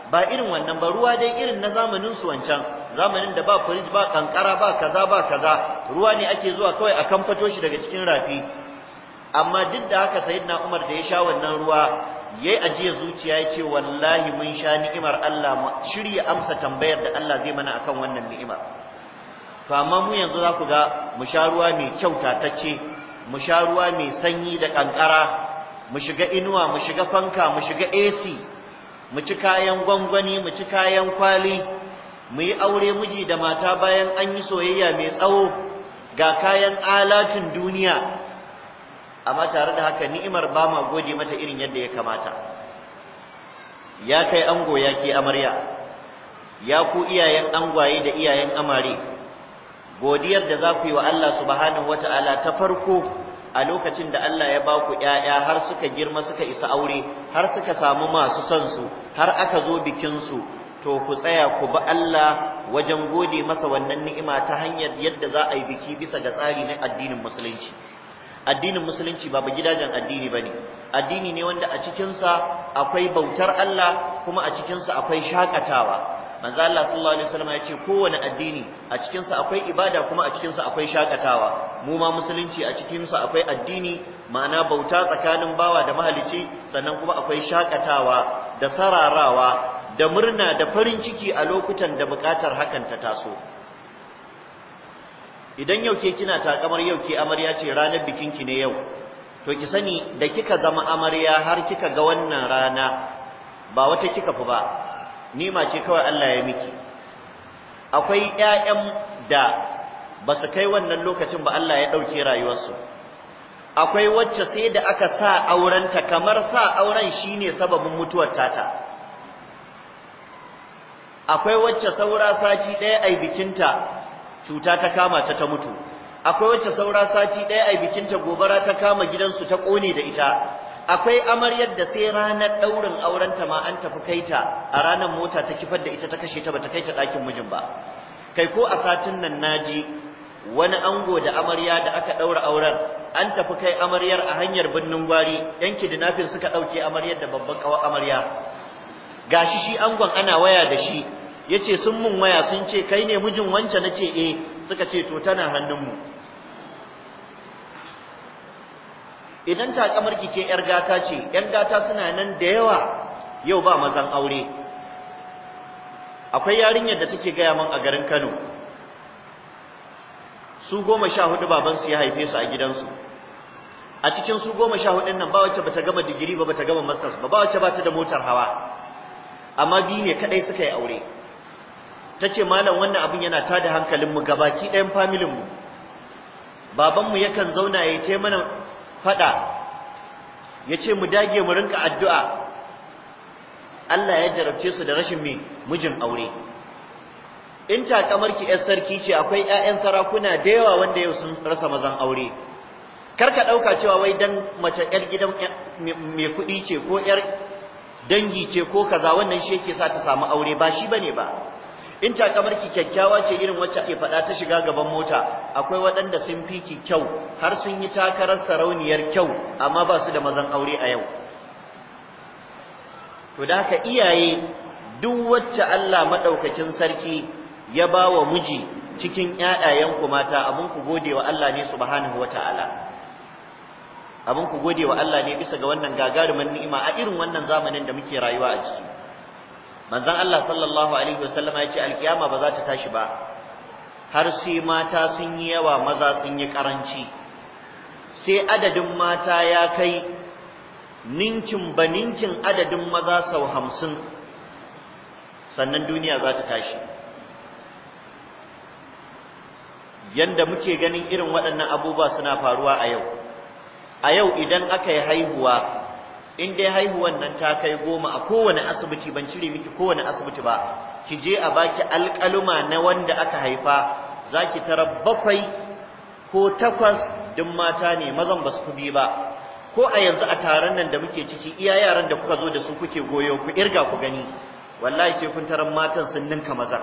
ba irin wannan ba ruwa dai irin na zamanin su wancan zamanin da ba fridge ba kankara ba kaza ba kaza ruwa ne ake zuwa kawai a kamfato shi daga cikin rafi amma duk da haka sayyidina Umar da ya sha wannan ruwa yayi ajiya zuciya yace wallahi mun sha ni'imar Allah mu shirya amsa tambayar da Allah zai mana akan wannan ni'imar. to amma mu yanzu za ku ga mu sha ruwa mai kyauta tace, mu ruwa mai sanyi da kankara mu shiga inuwa mu shiga fanka mu shiga AC mu ci kayan gwangwani mu ci kayan kwali mu yi aure miji da mata bayan an yi soyayya mai tsawo ga kayan alatin duniya amma tare da haka ni'imar ba ma gode mata irin yadda ya kamata ya kai ango ya ke amarya ya ku iyayen angwaye da iyayen amare godiyar da za ku yi wa Allah subhanahu wata'ala ta farko a lokacin da Allah ya ba ku ƴaƴa har suka girma suka isa aure har suka samu masu son su har aka zo bikin su to ku tsaya ku ba Allah wajen gode masa wannan ni'ima ta hanyar yadda za a yi biki bisa ga tsari na addinin musulunci addinin musulunci ba gidajen addini bane addini ne wanda a cikin akwai bautar Allah kuma a cikin akwai shakatawa manzo Allah sallallahu alaihi wasallam ya ce kowane addini a cikin akwai ibada kuma a cikin akwai shakatawa mu ma musulunci a cikin akwai addini ma'ana bauta tsakanin bawa da mahalici sannan kuma akwai shakatawa da sararawa da murna da farin ciki a lokutan da bukatar hakan ta taso idan yau ke kina takamar yau ke amarya ce ranar bikin ki ne yau to ki sani da kika zama amarya har kika ga wannan rana ba wata kika fi ba nima ce kawai Allah ya miki akwai ƴaƴan da ba su kai wannan lokacin ba Allah ya ɗauke rayuwarsu akwai wacce sai da aka sa aurenta kamar sa auren shine sababin mutuwar tata akwai wacce saura sati ɗaya ai bikinta cuta ta kama ta ta mutu akwai wacce saura sati ɗaya a bikinta gobara ta kama gidansu ta ƙone da ita akwai amaryar da sai ranar ɗaurin aurenta ma an tafi kai ta a ranar mota ta kifar da ita ta kashe ta bata ta ɗakin mijin ba kai ko a satin nan naji wani ango da amarya da aka ɗaura auren an tafi kai amaryar a hanyar birnin gwari yan kidnapping suka ɗauke amaryar da babban ƙawar amarya gashi shi angon ana waya da shi Ya ce sun mun waya sun ce kai ne mijin wance ce e eh. suka ce to tana hannun mu. idan takamar kamar kike yar gata ce yan gata suna nan da yawa yau ba mazan aure akwai yarinyar da take gaya min a garin Kano su goma sha hudu ya haife su a gidansu a cikin su goma sha nan ba wacce bata gama digiri ba bata gama masters ba ba wacce bata da motar hawa amma biyu ne kadai suka yi aure tace malam wannan abin yana tada hankalin mu gabaki ɗayan familin mu baban mu yakan zauna ya ta mana fada ce mu dage mu rinka addu'a Allah ya jarabce su da rashin me mijin aure in takamarki yar sarki ce akwai ƴaƴan sarakuna da yawa wanda yau sun rasa mazan aure kar ka dauka cewa wai dan mace yar gidan mai kuɗi ce ko ƴar dangi ce ko kaza wannan shi yake sa ta samu aure ba shi bane ba in ki kyakkyawa ce irin wacce ake faɗa ta shiga gaban mota akwai waɗanda sun fi ki kyau har sun yi takarar sarauniyar kyau amma ba su da mazan aure a yau to da haka iyaye duk wacce Allah madaukakin sarki ya ba wa miji cikin ku mata abun ku gode wa Allah ne subhanahu wataala abun ku gode wa Allah ne bisa ga wannan gagarumin ni'ima a irin wannan zamanin da muke rayuwa a ciki manzon Allah sallallahu alaihi wasallama ya ce alkiyama ba za ta tashi ba har sai mata sun yi yawa maza sun yi karanci sai adadin mata ya kai ninkin ba ninkin adadin maza sau hamsin sannan duniya za ta tashi yanda muke ganin irin waɗannan abubuwa suna faruwa a yau a yau idan aka yi haihuwa in dai haihuwan nan ta kai goma a kowane asibiti ban cire miki kowane asibiti ba ki je a baki alƙaluma na wanda aka haifa zaki tara bakwai ko takwas din mata ne mazan ba su kubi ba ko a yanzu a taron nan da muke ciki iya yaran da kuka zo da su kuke goyo ku irga ku gani wallahi sai kun taran matan sun ninka maza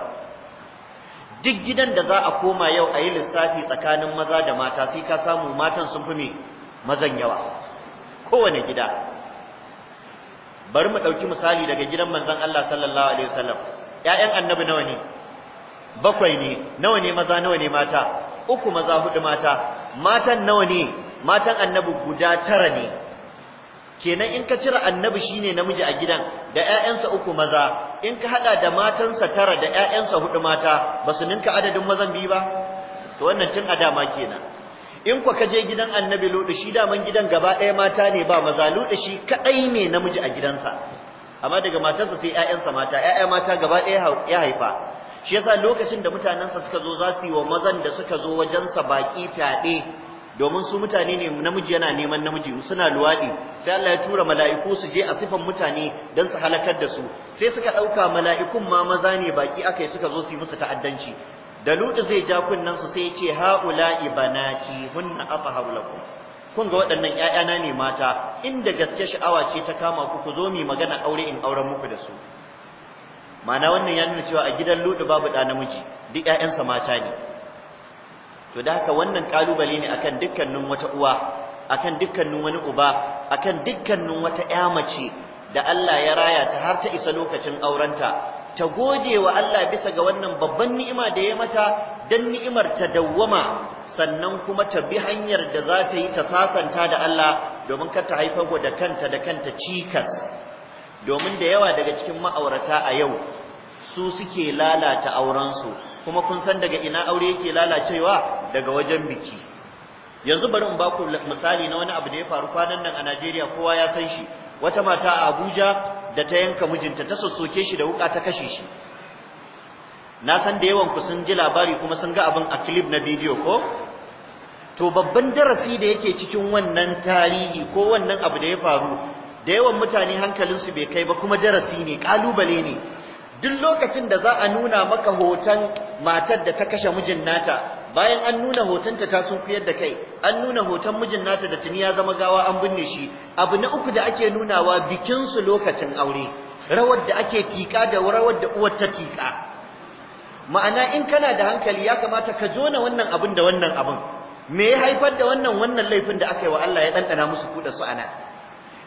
duk gidan da za a koma yau a yi lissafi tsakanin maza da mata sai ka samu matan sun fi mazan yawa kowane gida bari mu dauki misali daga gidan manzon Allah sallallahu alaihi wasallam ƴaƴan annabi nawa ne bakwai ne nawa ne maza nawa ne mata uku maza hudu mata matan nawa ne matan annabi guda tara ne kenan in ka cire annabi shine namiji a gidan da ƴaƴansa uku maza in ka hada da matansa tara da ƴaƴansa hudu mata basu ninka adadin mazan biyu ba to wannan tun adama kenan in kwa kaje gidan annabi ludu shi daman gidan gaba ɗaya mata ne ba maza ludu shi kaɗai ne namiji a gidansa amma daga matarsa sai ‘ya'yansa mata ‘ya'ya mata gaba ɗaya ya haifa shi yasa lokacin da mutanensa suka zo za su yi wa mazan da suka zo wajensa baƙi fyaɗe domin su mutane ne namiji yana neman namiji suna luwaɗi sai Allah ya tura mala'iku su je a sifan mutane don su halakar da su sai suka ɗauka mala'ikun ma maza ne baƙi aka yi suka zo su yi musu ta'addanci da lutu zai ja kunnan su sai ce haula'i banati hunna atharu lakum kun ga waɗannan ƴaƴana ne mata inda gaske sha'awa ce ta kama ku ku zo mu magana aure in auren muku da su Mana wannan ya nuna cewa a gidan lutu babu da namiji duk ƴaƴansa mata ne to da haka wannan kalubale ne akan dukkanin wata uwa akan dukkanin wani uba akan dukkanin wata ƴa mace da Allah ya raya ta har ta isa lokacin aurenta ta gode wa Allah bisa ga wannan babban ni'ima da ya mata dan ni'imar ta dawwama sannan kuma ta bi hanyar da za ta yi ta sasanta da Allah domin kar ta haifar da kanta da kanta cikas domin da yawa daga cikin ma'aurata a yau su suke lalata auren su kuma kun san daga ina aure yake lalacewa daga wajen biki yanzu bari in baku misali na wani abu da ya faru kwanan nan a Najeriya kowa ya san shi wata mata a Abuja da ta yanka mijinta ta sossoke shi da wuka ta kashe shi na san da yawan ku sun ji labari kuma sun ga abin a clip na bidiyo ko to babban darasi da yake cikin wannan tarihi ko wannan abu da ya faru da yawan mutane hankalinsu bai kai ba kuma darasi ne kalubale ne duk lokacin da za a nuna maka hoton matar da ta kashe mijin nata bayan an nuna hotonta ta sun fiyar da kai an nuna hoton mijin nata da tuni ya zama gawa an binne shi abu na uku da ake nunawa bikin su lokacin aure rawar da ake tika da rawar da uwar ta tika ma'ana in kana da hankali ya kamata ka jona wannan abin da wannan abin me ya haifar da wannan wannan laifin da aka yi wa Allah ya dandana musu kuɗa su ana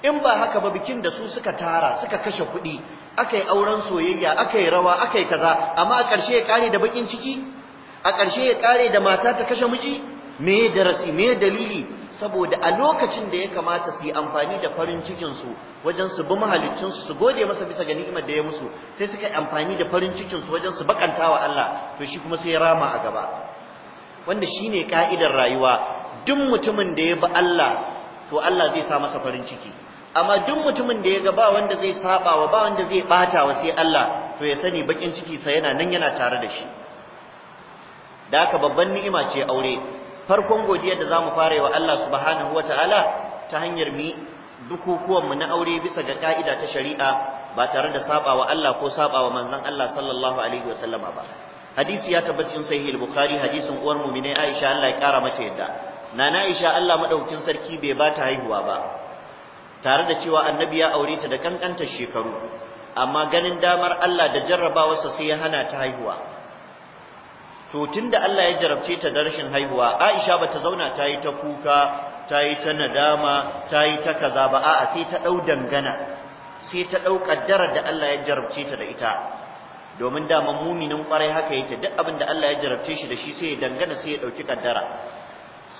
in ba haka ba bikin da su suka tara suka kashe kuɗi akai auren soyayya akayi rawa akayi kaza amma a ƙarshe ya kare da bakin ciki a ƙarshe ya kare da mata ta kashe miji me darasi me dalili saboda a lokacin da ya kamata su yi amfani da farin cikin su wajen su bi mahaliccin su su gode masa bisa ga ni'imar da ya musu sai suka yi amfani da farin cikin su wajen su bakantawa Allah to shi kuma sai ya rama a gaba wanda shine ka'idar rayuwa duk mutumin da ya bi Allah to Allah zai sa masa farin ciki amma duk mutumin da ya ga ba wanda zai saba wa ba wanda zai bata wa sai Allah to ya sani bakin ciki sa yana nan yana tare da shi da haka babban ni'ima ce aure farkon godiyar da zamu fara yi wa Allah subhanahu wataala ta hanyar mi dukukuwan mu na aure bisa ga ka'ida ta shari'a ba tare da saba wa Allah ko saba wa manzon Allah sallallahu alaihi wasallama ba hadisi ya cikin sahih al-bukhari hadisin uwar mu mu'mini Aisha Allah ya kara mata yadda nana Aisha Allah madaukin sarki bai ba ta haihuwa ba tare da cewa annabi ya aure ta da kankantar shekaru amma ganin damar Allah da jarrabawarsa sai ya hana ta haihuwa to tunda Allah ya jarabce ta da rashin haihuwa Aisha bata zauna ta yi ta kuka ta yi ta nadama ta yi ta kaza ba a'a sai ta dau dangana sai ta dau kaddarar da Allah ya jarabce ta da ita domin man muminin kwarai haka yake duk abin da Allah ya jarabce shi da shi sai ya dangana sai ya dauki kaddara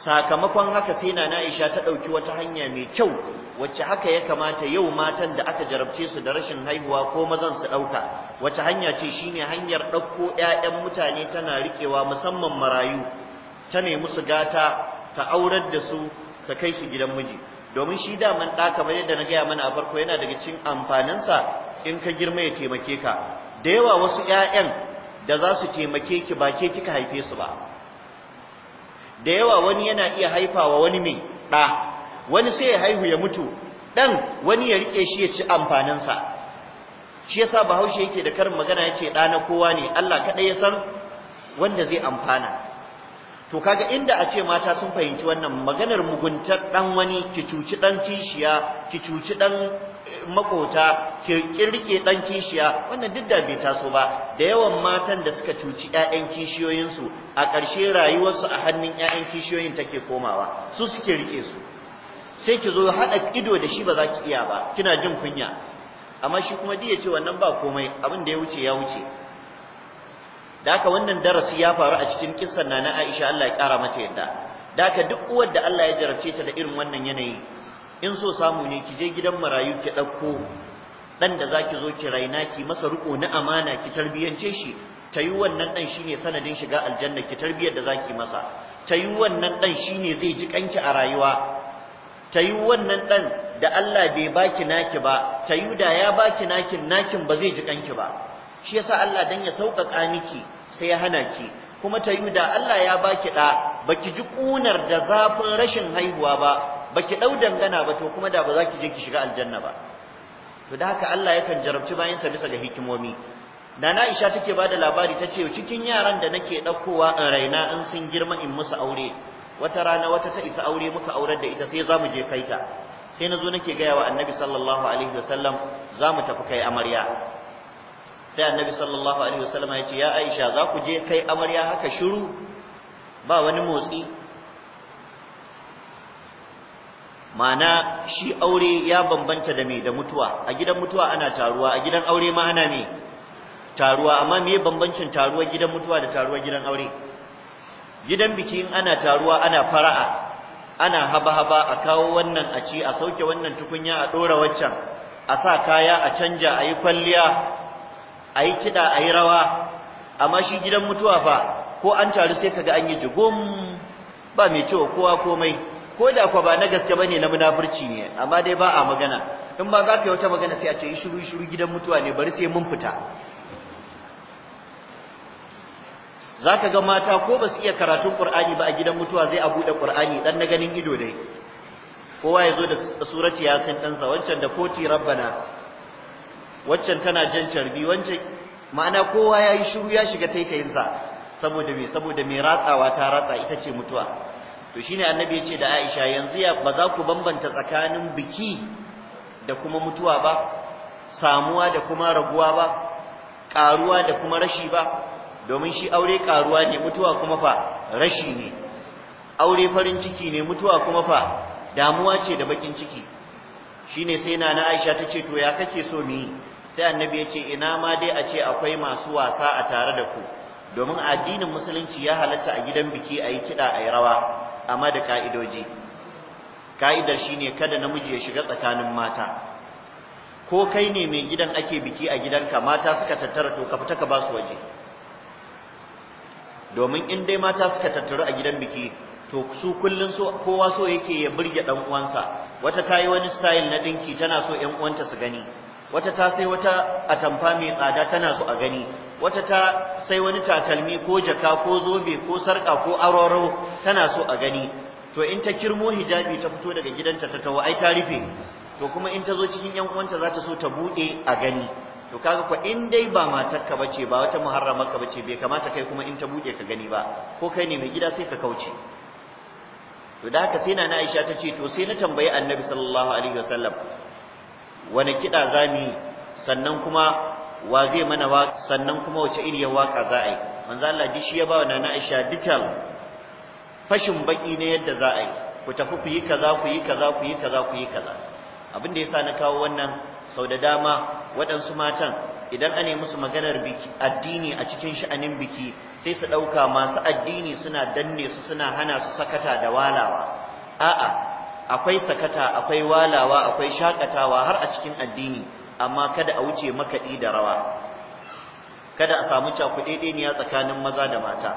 sakamakon haka sai na Aisha ta dauki wata hanya mai kyau wacce haka ya kamata yau matan da aka jarabce su da rashin haihuwa ko mazan su ɗauka wacce hanya ce shine hanyar ɗauko 'ya'yan mutane tana rikewa musamman marayu ta nemi su gata ta aurar da su ta kai su gidan miji domin shi da daman ɗa kamar yadda na gaya mana a farko yana daga cikin sa in ka girma ya taimake ka da yawa wasu 'ya'yan da za su taimake ki ba ke kika haife su ba da yawa wani yana iya haifawa wani mai ɗa wani sai ya haihu ya mutu dan wani ya rike shi ya ci amfanin sa shi yasa bahaushe yake da karin magana yace da na kowa ne Allah kada ya san wanda zai amfana to kaga inda a ce mata sun fahimci wannan maganar muguntar dan wani ki cuci dan kishiya ki cuci dan eh, makota kirke dan kishiya wannan duk da bai taso ba da yawan matan da suka cuci ƴaƴan kishiyoyinsu a ƙarshe rayuwarsu a hannun ƴaƴan kishiyoyin take komawa su suke rike su sai ki zo haɗa ido da shi ba za ki iya ba kina jin kunya amma shi kuma ya ce wannan ba komai abin da ya wuce ya wuce da haka wannan darasi ya faru a cikin kissan nana Aisha Allah ya kara mata yadda da haka duk uwar da Allah ya jarabce ta da irin wannan yanayi in so samu ne ki je gidan marayu ki ɗauko ɗan da zaki zo ki raina ki masa riko na amana ki tarbiyance shi ta yi wannan ɗan shine sanadin shiga aljanna ki tarbiyar da zaki masa ta yi wannan ɗan shine zai ji kanki a rayuwa tayi wannan dan da Allah bai baki naki ba tayi da ya baki nakin nakin ba zai ji kanki ba shi yasa Allah dan ya sauƙaƙa miki sai ya hana ki kuma tayi da Allah ya baki da baki ji kunar da zafin rashin haihuwa ba baki dau dangana ba to kuma da ba zaki ki je ki shiga aljanna ba to da haka Allah yakan jarabci bayan sa bisa ga hikimomi Nana Aisha take bada labari tace cikin yaran da nake daukowa in raina in sun girma in musu aure wata rana wata ta isa aure muka aurar da ita sai zamu je kai ta sai nazo nake gaya wa annabi sallallahu alaihi wasallam za mu tafi kai amarya sai annabi sallallahu alaihi wasallam ya ce ya aisha za ku je kai amarya haka shiru ba wani motsi mana shi aure ya bambanta da me da mutuwa a gidan mutuwa ana taruwa a gidan aure ma ana ne taruwa amma me bambancin taruwa gidan mutuwa da taruwa gidan aure gidan biki in ana taruwa ana fara'a ana haba-haba a kawo wannan a ci a sauke wannan tukunya a dora waccan a sa kaya a canja a yi kwalliya a yi kiɗa a yi rawa amma shi gidan mutuwa fa ko an taru sai kaga an yi jigum ba mai cewa kowa komai ko da kwa ba na gaske bane na munafurci ne amma dai ba a magana in ba za ka yi wata magana sai a ce shiru shiru gidan mutuwa ne bari sai mun fita Za ka ga mata ko ba su iya karatun ƙur'ani ba a gidan mutuwa zai a da Qur'ani dan na ganin ido dai kowa yazo da surati yasin dan sa wancan da koti rabbana wancan tana jan carbi wancan ma'ana kowa yayi shiru ya shiga taitayin sa saboda me saboda me ratsawa ta ratsa ita ce mutuwa to shine annabi ya ce da Aisha yanzu ya ba za ku bambanta tsakanin biki da kuma mutuwa ba samuwa da kuma raguwa ba Ƙaruwa da kuma rashi ba domin shi aure karuwa ne mutuwa kuma fa rashi ne aure farin ciki ne mutuwa kuma fa damuwa ce da bakin ciki shine sai na nana Aisha ce to ya kake so mi sai annabi ya ce ina ma dai a ce akwai masu wasa a tare da ku domin addinin musulunci ya halatta a gidan biki ayi kida ayi rawa amma da ka'idoji ka'idar shine kada namiji ya shiga tsakanin mata ko kai ne mai gidan ake biki a gidanka mata suka tattara to ka fita ka ba su waje domin in dai mata suka tattaru a gidan biki to su kullun so kowa so yake ya burge dan uwansa wata yi wani style na dinki tana so ƴan uwanta su gani wata ta sai wata atamfa mai tsada tana so a gani wata ta sai wani tatalmi ko jaka ko zobe ko sarka ko aroro tana so a gani to in ta kirmo hijabi ta fito daga gidanta ta tawo ai ta rufe to kuma in ta zo cikin ƴan uwanta za ta so ta bude a gani to kaga ko in dai ba matarka bace ba wata ka bace bai kamata kai kuma in ta bude ka gani ba ko kai ne mai gida sai ka kauce to da haka sai na Aisha ta ce to sai na tambayi Annabi sallallahu alaihi wasallam wani kida zamu sannan kuma wa zai mana wa sannan kuma wace iriyar waka za a yi manzo Allah shi ya ba wa nana Aisha detail fashin baki ne yadda za a yi ku tafi ku yi kaza ku yi kaza ku yi kaza ku yi kaza abin da yasa na kawo wannan sau da dama waɗansu matan idan an musu maganar addini a cikin sha'anin biki sai su ɗauka masu addini suna danne su suna hana su sakata da walawa a'a akwai sakata akwai walawa akwai shakatawa har a cikin addini amma kada a wuce makaɗi da rawa kada a samu cakuɗeɗeniya tsakanin maza da mata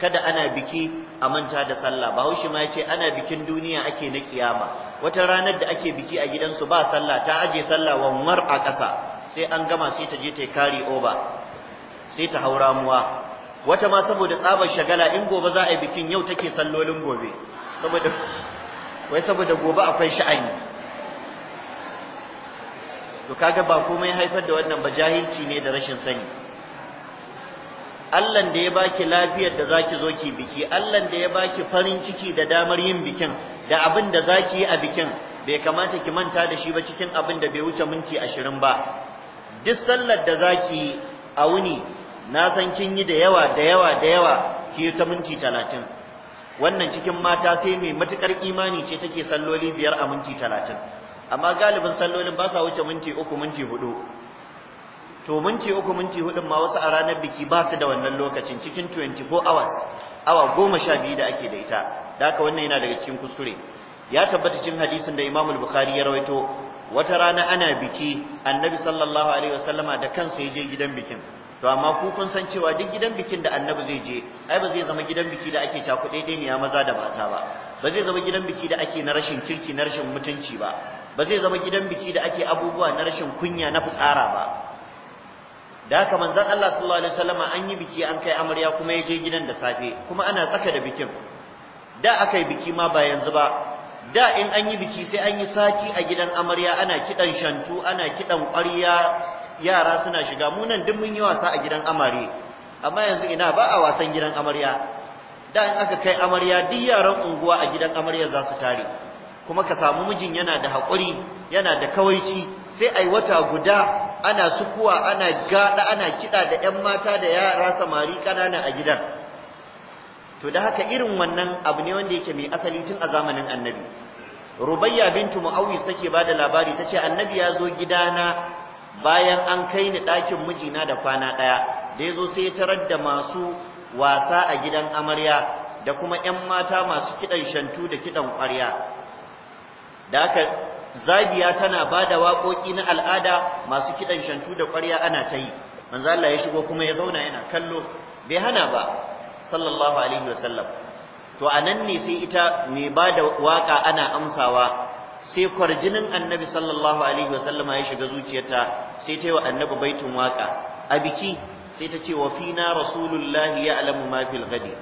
kada ana biki a manta da sallah bahaushe ma ya ce ana bikin duniya ake na kiyama wata ranar da ake biki a gidansu ba sallah ta aje sallah wa wanwar a ƙasa sai an gama sai ta je ta kari oba sai ta haura muwa wata ma saboda tsabar shagala in gobe za a yi bikin yau take sallolin gobe saboda wai saboda gobe akwai sha'ani to kaga ba komai haifar da wannan ba jahilci ne da rashin sani Allahn da ya baki lafiyar da zaki zo ki biki Allahn da ya baki farin ciki da damar yin bikin da abin da zaki yi a bikin bai kamata ki manta da shi ba cikin abin da bai wuce minti 20 ba duk sallar da zaki a wuni na san kin yi da yawa da yawa da yawa ki ta minti 30 wannan cikin mata sai mai matukar imani ce take salloli biyar a minti 30 amma galibin sallolin ba sa wuce minti uku minti hudu to minti uku minti hudun ma wasu a ranar biki ba su da wannan lokacin cikin 24 hours awa goma sha biyu da ake da ita da haka wannan yana daga cikin kuskure ya tabbata cikin hadisin da Imamul bukhari ya rawaito wata rana ana biki annabi sallallahu alaihi wasallama da kansa ya je gidan bikin to amma ku kun san cewa duk gidan bikin da annabi zai je ai ba zai zama gidan biki da ake cakuɗe daidai ne ya maza da mata ba ba zai zama gidan biki da ake na rashin kirki na rashin mutunci ba ba zai zama gidan biki da ake abubuwa na rashin kunya na fitsara ba da haka manzon Allah sallallahu alaihi wasallam an yi biki an kai amarya kuma ya je gidan da safe kuma ana tsaka da bikin da aka yi biki ma ba yanzu ba da in an yi biki sai an yi sati a gidan amarya ana kidan shantu ana kidan ƙwarya yara suna shiga munan duk mun yi wasa a gidan amare amma yanzu ina ba a wasan gidan amarya da in aka kai amarya duk yaran unguwa a gidan amarya za su tare kuma ka samu mijin yana da haƙuri yana da kawaici sai ai wata guda ana sukuwa ana gada ana kida da ƴan mata da yara samari kanana a gidan to da haka irin wannan abu ne wanda yake mai asali tun a zamanin annabi rubayya bintu muawwis take bada labari tace annabi ya zo gidana bayan an kai ni ɗakin mijina da kwana ɗaya da yazo sai ya tarar da masu wasa a gidan amarya da kuma ƴan mata masu kidan shantu da kidan ƙwarya da haka zabiya tana bada waƙoƙi na al'ada masu kiɗan shantu da ƙwarya ana ta yi manzo Allah ya shigo kuma ya zauna yana kallo bai hana ba sallallahu alaihi wasallam to anan ne sai ita mai da waƙa ana amsawa sai kwarjinin annabi sallallahu alaihi wasallama ya shiga zuciyarta sai ta yi wa annabi baitin waka a biki sai ta ce wa fina rasulullahi ya'lamu ma fil ghadi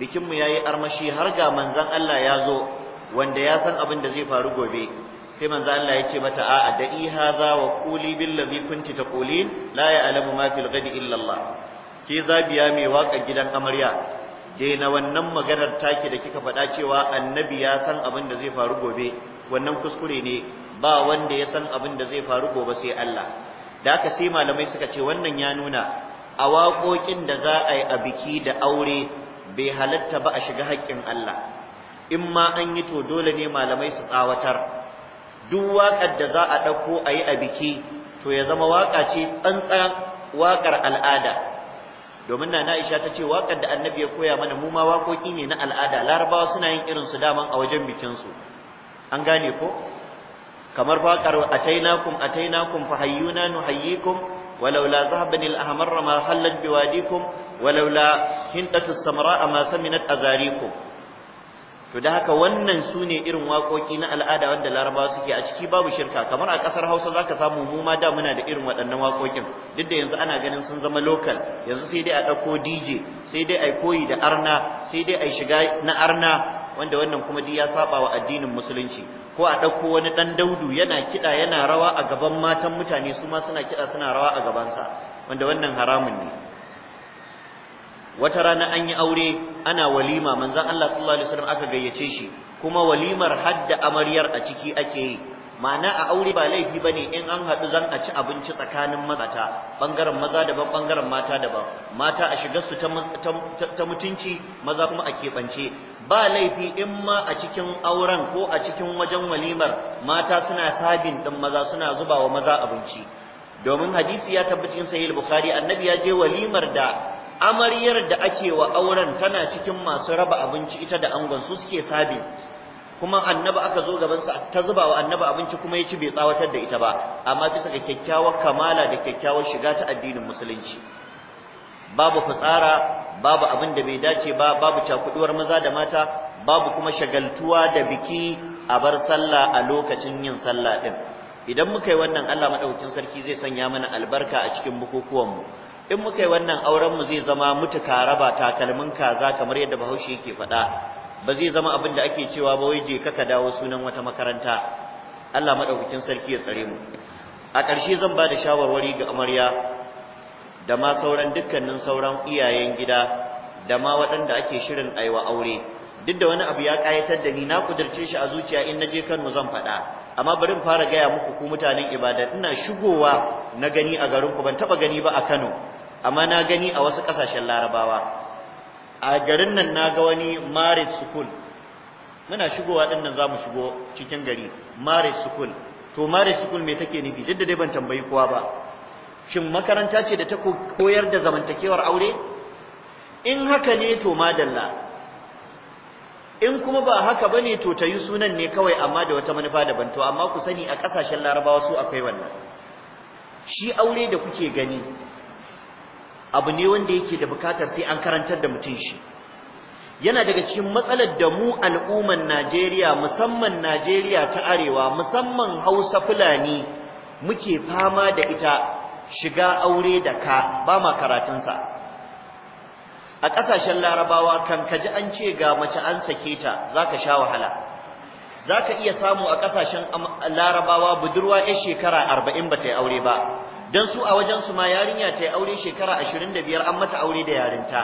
bikin mu yayi armashi har ga manzon Allah ya zo wanda ya san abin da zai faru gobe sai manzo Allah ya ce mata a'a da i hadha wa quli bil ladhi kunti taqulin la ya'lamu ma fil ghadi illa Allah ke zabiya mai waka gidan amarya daina wannan maganar take da kika faɗa cewa annabi ya san abin da zai faru gobe wannan kuskure ne ba wanda ya san abin da zai faru gobe sai Allah da haka sai malamai suka ce wannan ya nuna a waƙoƙin da za a yi a biki da aure bai halatta ba a shiga haƙƙin Allah in ma an yi to dole ne malamai su tsawatar duk waƙar da za a ɗauko a yi a biki to ya zama waƙa ce tsantsan waƙar al'ada domin na Aisha ta ce waƙar da annabi ya koya mana mu ma waƙoƙi ne na al'ada larabawa suna yin irin su daman a wajen bikinsu an gane ko kamar waƙar atainakum atainakum fahayyuna nuhayyikum walaula zahaban al-ahmar ma hallat biwadikum walaula hintatu samra ma saminat azarikum to da haka wannan sune irin waƙoƙi na al'ada wanda larabawa suke a ciki babu shirka kamar a ƙasar hausa za ka samu mu ma da muna da irin waɗannan waƙoƙin duk da yanzu ana ganin sun zama lokal yanzu sai dai a ɗauko dj sai dai a koyi da arna sai dai a shiga na arna wanda wannan kuma duk ya saba wa addinin musulunci ko a ɗauko wani ɗan daudu yana kiɗa yana rawa a gaban matan mutane su ma suna kiɗa suna rawa a gabansa wanda wannan haramun ne wata rana an yi aure ana walima manzon Allah sallallahu alaihi wasallam aka gayyace shi kuma walimar hadda amaryar a ciki ake yi ma'ana a aure ba laifi bane in an haɗu zan a ci abinci tsakanin mazata bangaren maza daban bangaren mata daban mata a shigar su ta mutunci maza kuma a keɓance ba laifi in ma a cikin auren ko a cikin wajen walimar mata suna sabin ɗin maza suna zuba wa maza abinci domin hadisi ya tabbaci cikin sahih bukhari annabi ya je walimar da amaryar da ake wa auren tana cikin masu raba abinci ita da angon su suke sabi kuma annabi aka zo gaban sa ta zuba wa annabi abinci kuma ya ci bai tsawatar da ita ba amma bisa ga kyakkyawar kamala da kyakkyawar shiga ta addinin musulunci babu fitsara babu abin da bai dace ba babu cakuduwar maza da mata babu kuma shagaltuwa da biki a bar sallah a lokacin yin sallah din idan muka yi wannan Allah madaukakin sarki zai sanya mana albarka a cikin bukukuwan mu in muka yi wannan auren mu zai zama mutuka raba takalmin kaza kamar yadda Bahaushe yake faɗa ba zai zama abin da ake cewa ba wai je ka ka dawo sunan wata makaranta Allah madaukakin sarki ya tsare mu a ƙarshe zan ba da shawarwari ga amarya da ma sauran dukkanin sauran iyayen gida da ma waɗanda ake shirin aiwa aure duk da wani abu ya ƙayatar da ni na kudirce shi a zuciya in naje Kano zan faɗa amma bari in fara gaya muku ku mutanen ibada, ina shigowa na gani a garinku ban taba gani ba a Kano amma na gani a wasu kasashen larabawa a garin nan na ga wani marriage school muna shigowa din nan zamu shigo cikin gari marriage school to marriage school me take nufi duk da dai ban tambayi kowa ba shin makaranta ce da ta koyar da zamantakewar aure in haka ne to madalla in kuma ba haka bane to tayi sunan ne kawai amma da wata manufa daban to amma ku sani a kasashen Larabawa su akwai wannan shi aure da kuke gani abu ne wanda yake da bukatar sai an karantar da mutum shi yana daga cikin matsalar da mu al'umman Najeriya musamman Najeriya ta arewa musamman Hausa Fulani muke fama da ita shiga aure da ka ba ma karatun sa a kasashen larabawa kan kaji an ce ga mace an sake ta zaka sha wahala zaka iya samu a kasashen larabawa budurwa yar shekara 40 bata yi aure ba dan su a wajen su ma yarinya ta yi aure shekara 25 an mata aure da yarinta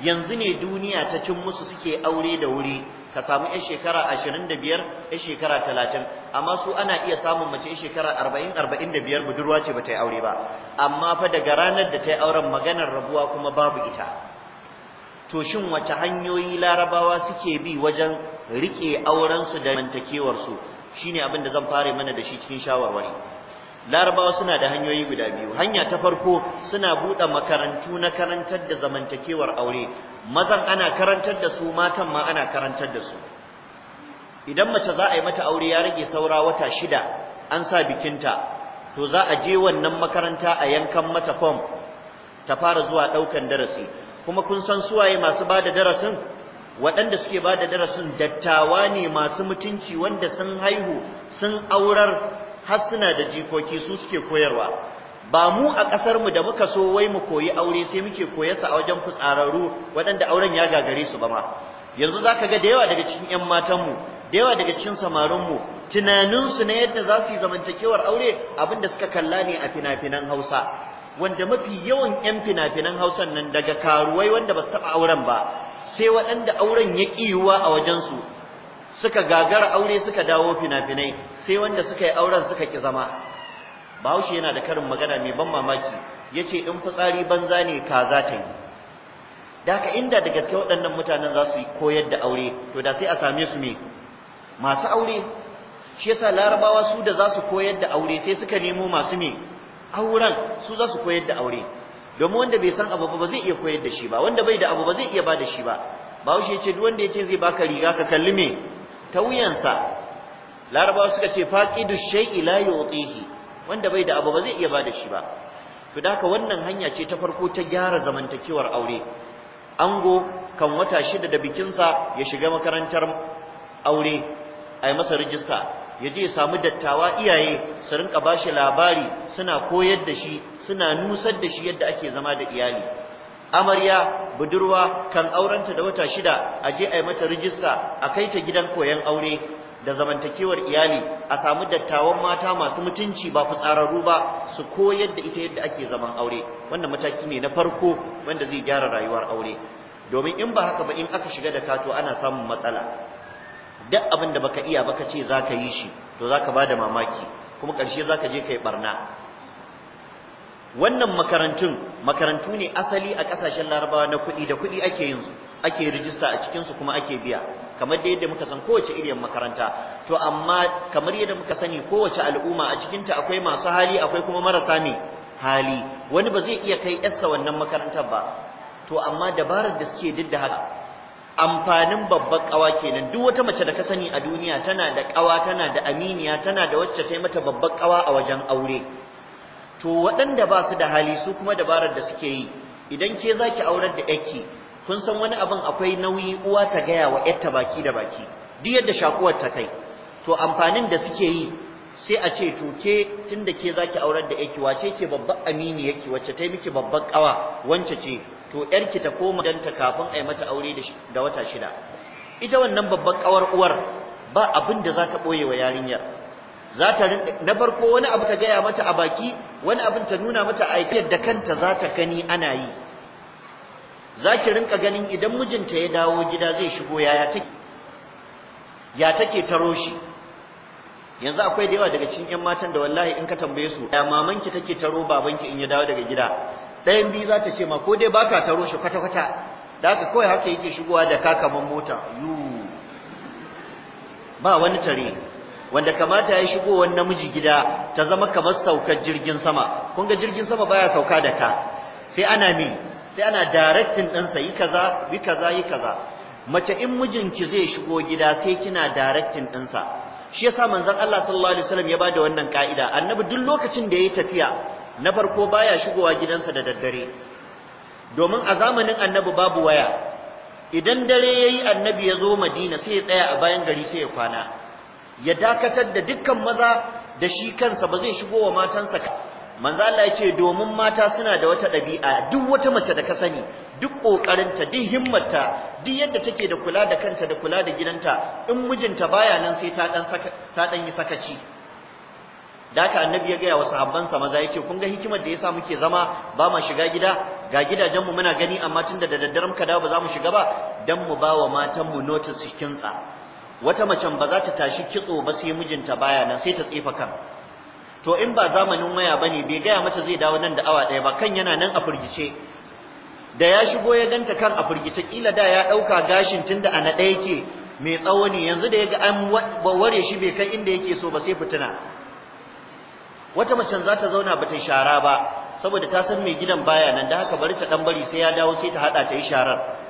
yanzu ne duniya ta cin musu suke aure da wuri ka samu 'yar shekara 25 'yar shekara 30 amma su ana iya samun mace yan shekara 40 45 budurwa ce bata yi aure ba amma fa daga ranar da ta yi auren maganar rabuwa kuma babu ita to shin wace hanyoyi larabawa suke bi wajen rike auren su da mantakewar su shine abin da zan fare mana da shi cikin shawarwari larabawa suna da hanyoyi guda biyu hanya ta farko suna buɗe makarantu na karantar da zamantakewar aure mazan ana karantar da su matan ma ana karantar da su idan mace za a yi mata aure ya rage saura wata shida an sa bikinta to za a je wannan makaranta a yankan mata fom ta fara zuwa ɗaukan darasi kuma kun san suwaye masu bada darasin waɗanda suke bada darasin dattawa ne masu mutunci wanda sun haihu sun aurar har suna da jikoki su suke koyarwa ba mu a kasar mu da muka so wai mu koyi aure sai muke koyarsa a wajen fitsararru waɗanda auren ya gagare su ba ma yanzu zaka ga da yawa daga cikin ƴan matan mu da yawa daga cikin samarin mu tunanin su na yadda za su yi zamantakewar aure abinda suka kalla ne a fina-finan Hausa wanda mafi yawan ƴan fina-finan Hausan nan daga karuwai wanda ba su taɓa auren ba sai waɗanda auren ya ƙiyuwa a wajensu suka gagara aure suka dawo fina-finai sai wanda suka yi auren suka ki zama bahaushe yana da karin magana mai ban mamaki ya ce in fitsari banza ne kaza ta yi da haka inda da gaske waɗannan mutanen za su koyar da aure to da sai a same su me masu aure shi yasa larabawa su da za su koyar da aure sai suka nemo masu me auren su za su koyar da aure domin wanda bai san abu ba zai iya koyar da shi ba wanda bai da abu ba zai iya ba da shi ba bahaushe ya ce duk wanda ya ce zai baka riga ka kalli me ta wuyansa larabawa suka ce faqidu shay'i la yu'tihi wanda bai da abu ba zai iya bada shi ba to da haka wannan hanya ce ta farko ta gyara zamantakewar aure ango kan wata shida da bikinsa ya shiga makarantar aure ai masa rijista ya je ya samu dattawa iyaye su rinka bashi labari suna koyar da shi suna nusar da shi yadda ake zama da iyali amarya budurwa kan aurenta da wata shida a je a yi mata rijista a kai ta gidan koyon aure da zamantakewar iyali a samu dattawan mata masu mutunci ba fitsararru ba su koyar da ita yadda ake zaman aure wannan mataki ne na farko wanda zai gyara rayuwar aure domin in ba haka ba in aka shiga da kato ana samun matsala duk abin da baka iya baka ce zaka yi shi to zaka da mamaki kuma ƙarshe zaka je kai barna wannan makarantun makarantu ne asali a kasashen larabawa na kuɗi da kuɗi ake yin su ake rijista a cikinsu kuma ake biya kamar da yadda muka san kowace irin makaranta to amma kamar yadda muka sani kowace al'umma a cikinta akwai masu hali akwai kuma marasa ne hali wani ba zai iya kai yarsa wannan makarantar ba to amma dabarar da suke duk da haka amfanin babbar kawa kenan duk wata mace da ka sani a duniya tana da kawa tana da aminiya tana da wacce ta yi mata babbar kawa a wajen aure to waɗanda ba su da hali su kuma dabarar da suke yi idan ke zaki aurar da yake kun san wani abin akwai nauyi uwa ta gaya wa yarta baki da baki duk yadda shakuwar ta kai to amfanin da suke yi sai a ce to ke tunda ke zaki aurar da yake wace ke babban amini yake wacce ta yi miki babban kawa wance ce to yarki ta koma dan ta kafin yi mata aure da wata shida ita wannan babban kawar uwar ba abin da za ta boye wa yarinyar za ta na farko wani abu ta gaya mata a baki wani abin ta nuna mata a da kanta za ta gani ana yi za ki rinka ganin idan mijinta ya dawo gida zai shigo yaya take ya take taro shi yanzu akwai da yawa daga cikin yan matan da wallahi in ka tambaye su ya mamanki take taro babanki in ya dawo daga gida ɗayan biyu za ta ce ma ko dai ba ka taro shi kwata kwata da haka kawai haka yake shigowa da kakaman mota yu ba wani tare wanda kamata ya shigo wani namiji gida ta zama kamar saukar jirgin sama kun ga jirgin sama baya sauka da ka sai ana mi sai ana directing din sa yi kaza yi kaza yi kaza mace in mijinki zai shigo gida sai kina directing din sa shi yasa manzon Allah sallallahu alaihi wasallam ya bada wannan kaida annabi duk lokacin da yayi tafiya na farko baya shigowa gidansa da daddare domin a zamanin annabi babu waya idan dare yayi annabi ya zo Madina sai ya tsaya a bayan gari sai ya kwana ya dakatar da dukkan maza da shi kansa ba zai shigo wa matansa manzo Allah yace domin mata suna da wata ɗabi'a duk wata mace da ka sani duk kokarinta duk himmarta duk yadda take da kula da kanta da kula da gidanta in mijinta baya nan sai ta dan saka ta dan yi sakaci daka annabi ya ga wa sahabbansa maza yake kun ga hikimar da yasa muke zama ba ma shiga gida ga gidajen mu muna gani amma tunda da daddaren ka dawo ba za mu shiga ba dan mu ba wa matan mu notice cikin tsa wata macen ba za ta tashi kitso ba sai mijinta baya nan sai ta tsefa kan to in ba zamanin waya bane bai gaya mata zai dawo nan da awa ɗaya ba kan yana nan a firgice da ya shigo ya ganta kan a firgice kila da ya ɗauka gashin tunda ana daya yake mai tsawo ne yanzu da ya ga an ware shi bai kai inda yake so ba sai fitina wata macen za ta zauna bata shara ba saboda ta san mai gidan baya nan da haka bari ta dan bari sai ya dawo sai ta hada ta yi sharar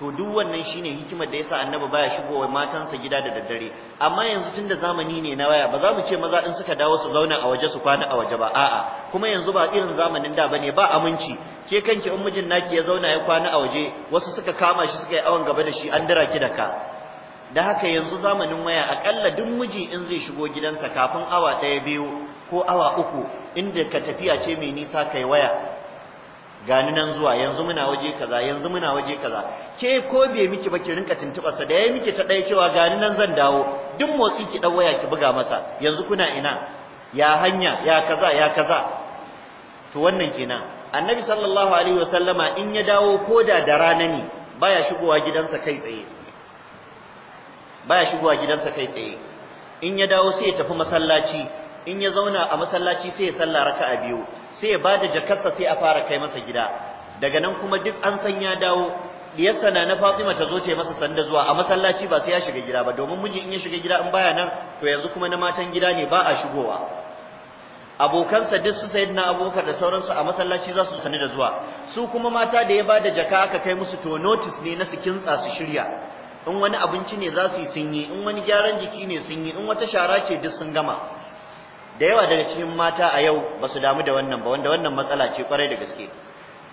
to duk wannan shine hikimar da yasa annabi baya shigowa matansa gida da daddare amma yanzu tunda zamani ne na waya ba za mu ce maza in suka dawo su zauna a waje su kwana a waje ba a'a kuma yanzu ba irin zamanin da bane ba aminci ke kanki in mijin naki ya zauna ya kwana a waje wasu suka kama shi suka yi awan gaba da shi an dira ki da ka da haka yanzu zamanin waya akalla duk miji in zai shigo gidansa kafin awa ɗaya biyu ko awa uku inda ka tafiya ce mai nisa kai waya gani nan zuwa yanzu muna waje kaza yanzu muna waje kaza ke ko bai miki ba ki rinka tuntuba sa da yayi miki ta dai cewa gani nan zan dawo duk motsi ki dan waya ki buga masa yanzu kuna ina ya hanya ya kaza ya kaza to wannan kenan annabi sallallahu alaihi wasallama in ya dawo koda da rana ne baya shigowa gidansa kai tsaye baya shigowa gidansa kai tsaye in ya dawo sai ya tafi masallaci in ya zauna a masallaci sai ya salla raka'a biyu sai ya bada jakarsa sai a fara kai masa gida daga nan kuma duk an san ya dawo diyarsa na Fatima ta zo ta masa sanda zuwa a masallaci ba sai ya shiga gida ba domin miji in ya shiga gida in baya nan to yanzu kuma na matan gida ne ba a shigowa abokansa duk su na abokar da sauransu a masallaci za su sani da zuwa su kuma mata da ya bada jaka aka kai musu to notice ne na su kintsa su shirya in wani abinci ne za su yi sun yi in wani gyaran jiki ne sun yi in wata shara ce duk sun gama da yawa daga cikin mata a yau ba su damu da wannan ba wanda wannan matsala ce kwarai da gaske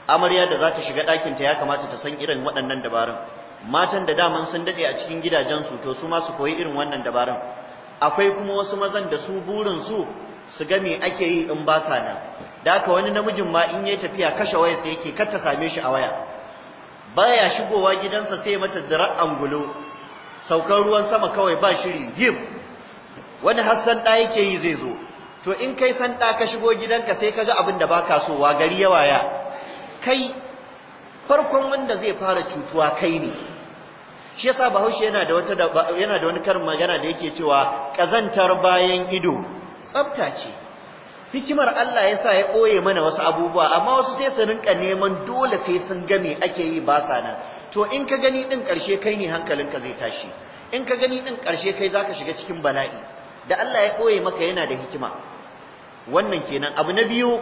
amarya da za ta shiga ɗakinta ya kamata ta san irin waɗannan dabarun matan da dama sun daɗe a cikin gidajensu to su ma su koyi irin wannan dabarun akwai kuma wasu mazan da su burin su su ga me ake yi in ba sa nan da haka wani namijin ma in yayi tafiya kashe wayarsa yake kar ta same shi a waya baya shigowa gidansa sai mata dirar angulo saukar ruwan sama kawai ba shiri yib wani hassan ɗa yake yi zai zo to in kai san da ka shigo gidanka sai kaga abin da baka so wa gari ya waya kai farkon wanda zai fara cutuwa kai ne shi yasa Bahaushe yana da wata yana da wani karin magana da yake cewa kazantar bayan ido tsafta ce hikimar Allah yasa ya boye mana wasu abubuwa amma wasu sai su rinka neman dole sai sun ga me ake yi ba sa nan to in ka gani din karshe kai ne hankalinka zai tashi in ka gani din karshe kai zaka shiga cikin bala'i da Allah ya boye maka yana da hikima wannan kenan abu na biyu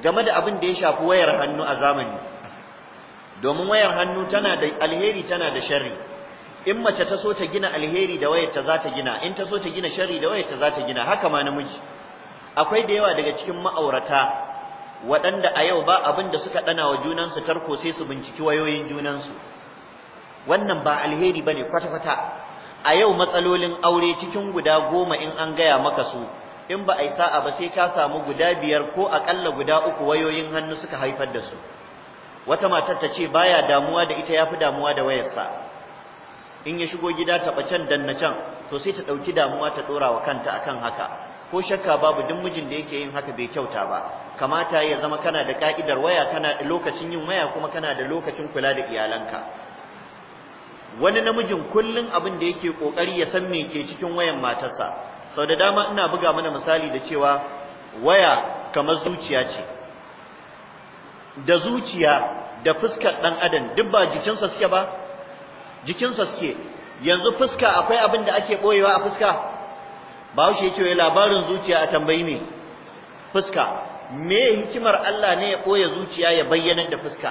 game da abin da ya shafi wayar hannu a zamani domin wayar hannu tana da alheri tana da sharri in mace ta so ta gina alheri da wayar ta za ta gina in ta so ta gina sharri da wayar ta za ta gina haka ma namiji akwai da yawa daga cikin ma'aurata waɗanda a yau ba abin da suka ɗana wa junansu tarko sai su binciki wayoyin junansu wannan ba alheri ba ne kwata-kwata a yau matsalolin aure cikin guda goma in an gaya maka su in ba a yi sa'a ba sai ka samu guda biyar ko aƙalla guda uku wayoyin hannu suka haifar da su wata matar ta ce baya damuwa da ita ya fi damuwa da wayarsa in ya shigo gida taɓa can danna can to sai ta ɗauki damuwa ta ɗora wa kanta akan haka ko shakka babu duk mijin da yake yin haka bai kyauta ba kamata ya zama kana da ka'idar waya kana da lokacin yin waya kuma kana da lokacin kula da iyalanka wani namijin kullum abin da yake kokari ya san me ke cikin wayan matarsa sau da dama ina buga mana misali da cewa waya kamar zuciya ce da zuciya da fuskar dan adam duk ba jikinsa suke ba jikinsa suke yanzu fuska akwai abin da ake boyewa a fuska ba shi yake labarin zuciya a tambayi ne fuska me hikimar Allah ne ya boye zuciya ya bayyana da fuska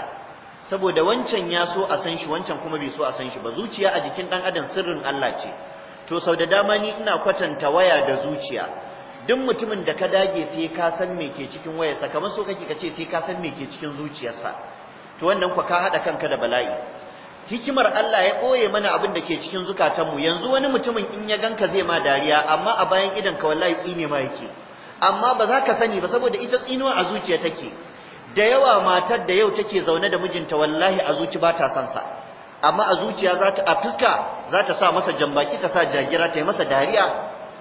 saboda wancan ya so a san shi wancan kuma bai so a san shi ba zuciya a jikin ɗan adam sirrin Allah ce to sau da dama ni ina kwatanta waya da zuciya duk mutumin da ka dage sai ka san me ke cikin wayarsa kamar so kake kace sai ka san me ke cikin zuciyarsa to wannan kwa ka hada kanka da bala'i hikimar Allah ya koye mana abin da ke cikin zukatan mu yanzu wani mutumin in ya ganka zai ma dariya amma a bayan idan ka wallahi tsine ma yake amma ba za ka sani ba saboda ita tsinuwa a zuciya take da yawa matar da yau take zaune da mijinta wallahi a zuci ba ta san sa amma a zuciya za ta a fuska za ta sa masa jambaki ta sa jagira ta yi masa dariya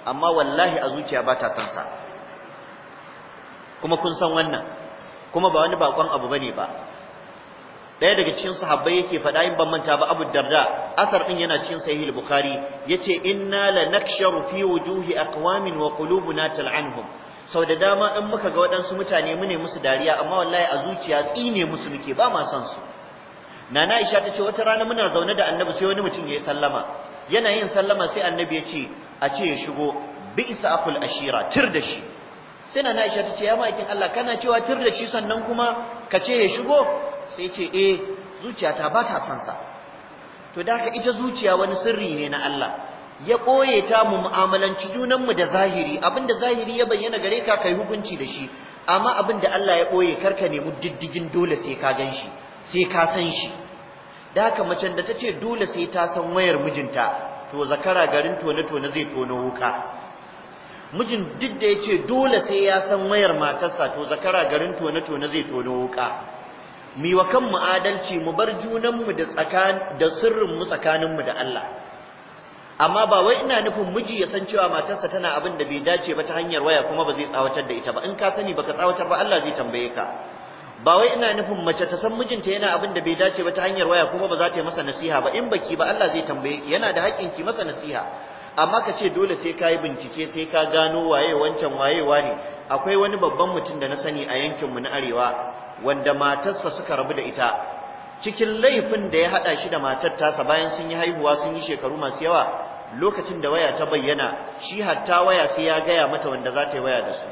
amma wallahi a zuciya ba ta san sa kuma kun san wannan kuma ba wani bakon abu bane ba daya daga cikin sahabbai yake faɗa in ban manta ba Abu Darda asar din yana cikin Sahih al-Bukhari yace inna lanaksharu fi wujuhi aqwamin wa qulubuna tal'anhum sau da dama in muka ga waɗansu mutane mu ne musu dariya amma wallahi a zuciya tsine musu muke ba ma san su nana Aisha tace wata rana muna zaune da Annabi sai wani mutum yayi sallama yana yin sallama sai Annabi ya ce a ce ya shigo bi isa akul ashira tir da shi sai nana Aisha tace ya maikin Allah kana cewa tir da shi sannan kuma ka ce ya shigo sai ya ce eh zuciyata ba ta son sa to da haka ita zuciya wani sirri ne na Allah ya koye ta mu mu'amalanci junanmu da zahiri abinda zahiri ya bayyana gare ka kai hukunci da shi amma abinda Allah ya koye karka nemi diddigin dole sai ka gan shi sai ka san shi da haka macen da tace ce dole sai ta san wayar mijinta to zakara garin tone-tone zai tono wuka mijin duk da yace dole sai ya san wayar matarsa to zakara garin tone-tone zai tono wuka mi wa kanmu adalci mu bar junanmu da tsakan da tsakanin mu da Allah amma ba wai ina nufin miji ya san cewa matarsa tana abin da bai dace ba ta hanyar waya kuma ba zai tsawatar da ita ba in ka sani baka tsawatar ba Allah zai tambaye ka ba wai ina nufin mace ta san mijinta yana abin da bai dace ba ta hanyar waya kuma ba za ta yi masa nasiha ba in baki ba Allah zai tambaye ki yana da haƙƙin ki masa nasiha amma ka ce dole sai ka yi bincike sai ka gano waye wancan wayewa ne akwai wani babban mutum da na sani a yankin mu na arewa wanda matarsa suka rabu da ita cikin laifin da ya haɗa shi da matar tasa bayan sun yi haihuwa sun yi shekaru masu yawa lokacin da waya ta bayyana shi hatta waya sai ya gaya mata wanda za ta yi waya da su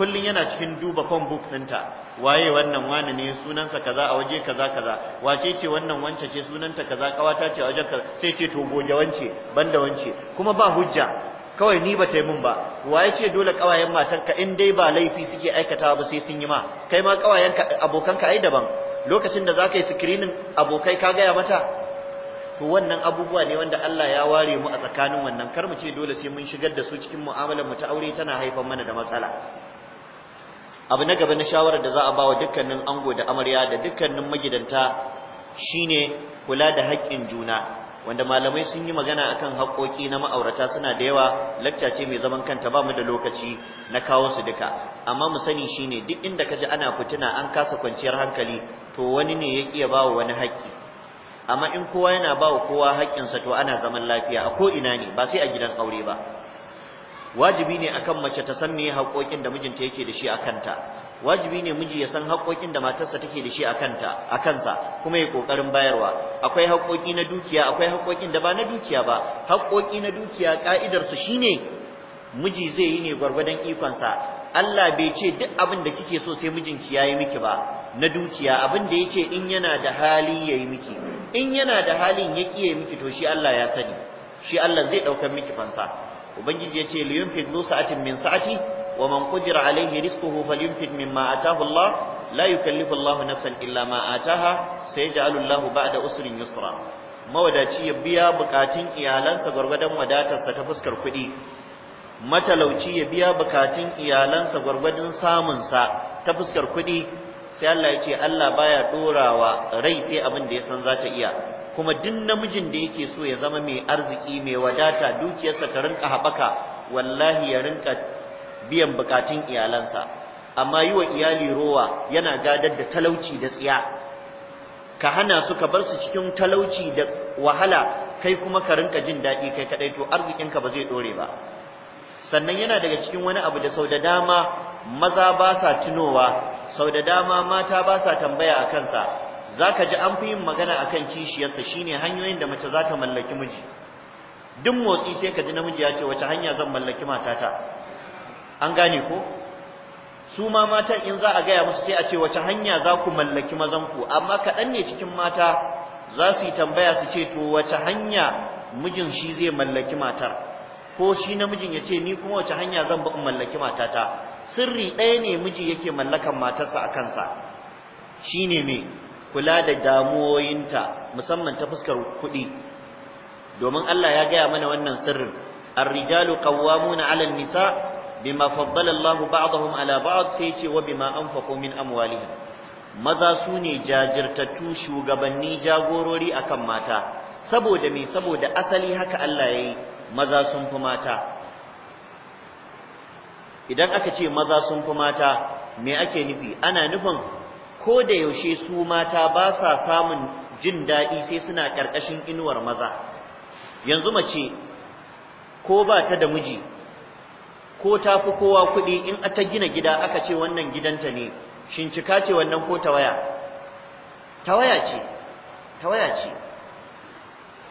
kullun yana cikin duba phone book ɗinta waye wannan wani ne sunansa kaza a waje kaza kaza wace ce wannan wance ce sunanta kaza kawata ce a waje kaza sai ce to goge wance banda wance kuma ba hujja kawai ni ba taimun mun ba waye ce dole kawayen matanka in dai ba laifi suke aikatawa ba sai sun yi ma kai ma kawayenka abokanka ai daban lokacin da zaka yi screening abokai ka gaya mata to wannan abubuwa ne wanda Allah ya ware mu a tsakanin wannan kar mu ce dole sai mun shigar da su cikin mu'amalar mu ta aure tana haifar mana da matsala abu na gaba na shawarar da za a bawa dukkanin ango da amarya da dukkanin magidanta shine kula da haƙƙin juna wanda malamai sun yi magana akan haƙoƙi na ma'aurata suna da yawa lacca ce mai zaman kanta ba mu da lokaci na kawo su duka amma mu sani shine duk inda ka ji ana fituna an kasa kwanciyar hankali to wani ne ya kiya bawa wani haƙƙi amma in kowa yana bawa kowa haƙƙinsa to ana zaman lafiya a ko ina ne ba sai a gidan aure ba wajibi ne akan mace ta san meye haƙoƙin da mijinta yake da shi a kanta wajibi ne miji ya san haƙoƙin da matarsa take da shi a kanta a kansa kuma ya ƙoƙarin bayarwa akwai haƙoƙi na dukiya akwai haƙoƙin da ba na dukiya ba haƙoƙi na dukiya ka'idar su shine miji zai yi ne gwargwadon ikonsa Allah bai ce duk abin da kike so sai mijinki yayi miki ba na dukiya abin da yake in yana da hali yayi miki in yana da halin ya kiye miki to shi Allah ya sani shi Allah zai ɗaukar miki fansa ubangiji yace ce liyunfid du min sa'ati wa man qudira alaihi rizquhu falyunfid mimma ataahu Allah la yukallifu Allah nafsan illa ma ataaha sayaj'alu Allah ba'da usrin yusra mawadaci ya biya bukatun iyalansa gwargwadon wadatarsa ta fuskar kuɗi matalauci ya biya bukatun iyalansa gwargwadon samunsa ta fuskar kuɗi sai Allah ya ce Allah baya dorawa rai sai abin da ya san zata iya kuma duk namijin da yake so ya zama mai arziki mai wadata dukiyarsa ta rinka haɓaka wallahi ya rinka biyan bukatun iyalansa amma yi wa iyali rowa yana gadar da talauci da tsiya ka hana su ka bar su cikin talauci da wahala kai kuma ka rinka jin daɗi kai kaɗai to arzikinka ba zai ɗore ba sannan yana daga cikin wani abu da sau da dama maza ba sa tunowa sau da dama mata ba sa tambaya a kansa zaka ji an fi yin magana akan kishiyarsa shine hanyoyin da mace za ta mallaki miji duk motsi sai ka ji namiji ya ce wace hanya zan mallaki matata an gane ko su ma mata in za a gaya musu sai a ce wace hanya za ku mallaki ku? amma kaɗan ne cikin mata za su yi tambaya su ce to wace hanya mijin shi zai mallaki matar ko shi namijin ya ce ni kuma wace hanya zan ba in mallaki matata sirri ɗaya ne miji yake mallakan matarsa a kansa shine me kula da damuwoyinta musamman ta fuskar kuɗi domin Allah ya gaya mana wannan sirrin ar-rijalu qawwamuna 'ala an-nisa bima faddala Allahu ba'dahum 'ala ba'd sai ce wa bima anfaqu min amwalihim maza su ne jajirtattu shugabanni jagorori akan mata saboda me saboda asali haka Allah yayi maza sun fi mata idan aka ce maza sun fi mata me ake nufi ana nufin ko da yaushe su mata ba sa samun jin daɗi sai suna ƙarƙashin inuwar maza yanzu mace ko ba ta da miji ko ta fi kowa kuɗi in ta gina gida aka ce wannan gidanta ne shincika ce wannan ko tawaya tawaya ce tawaya ce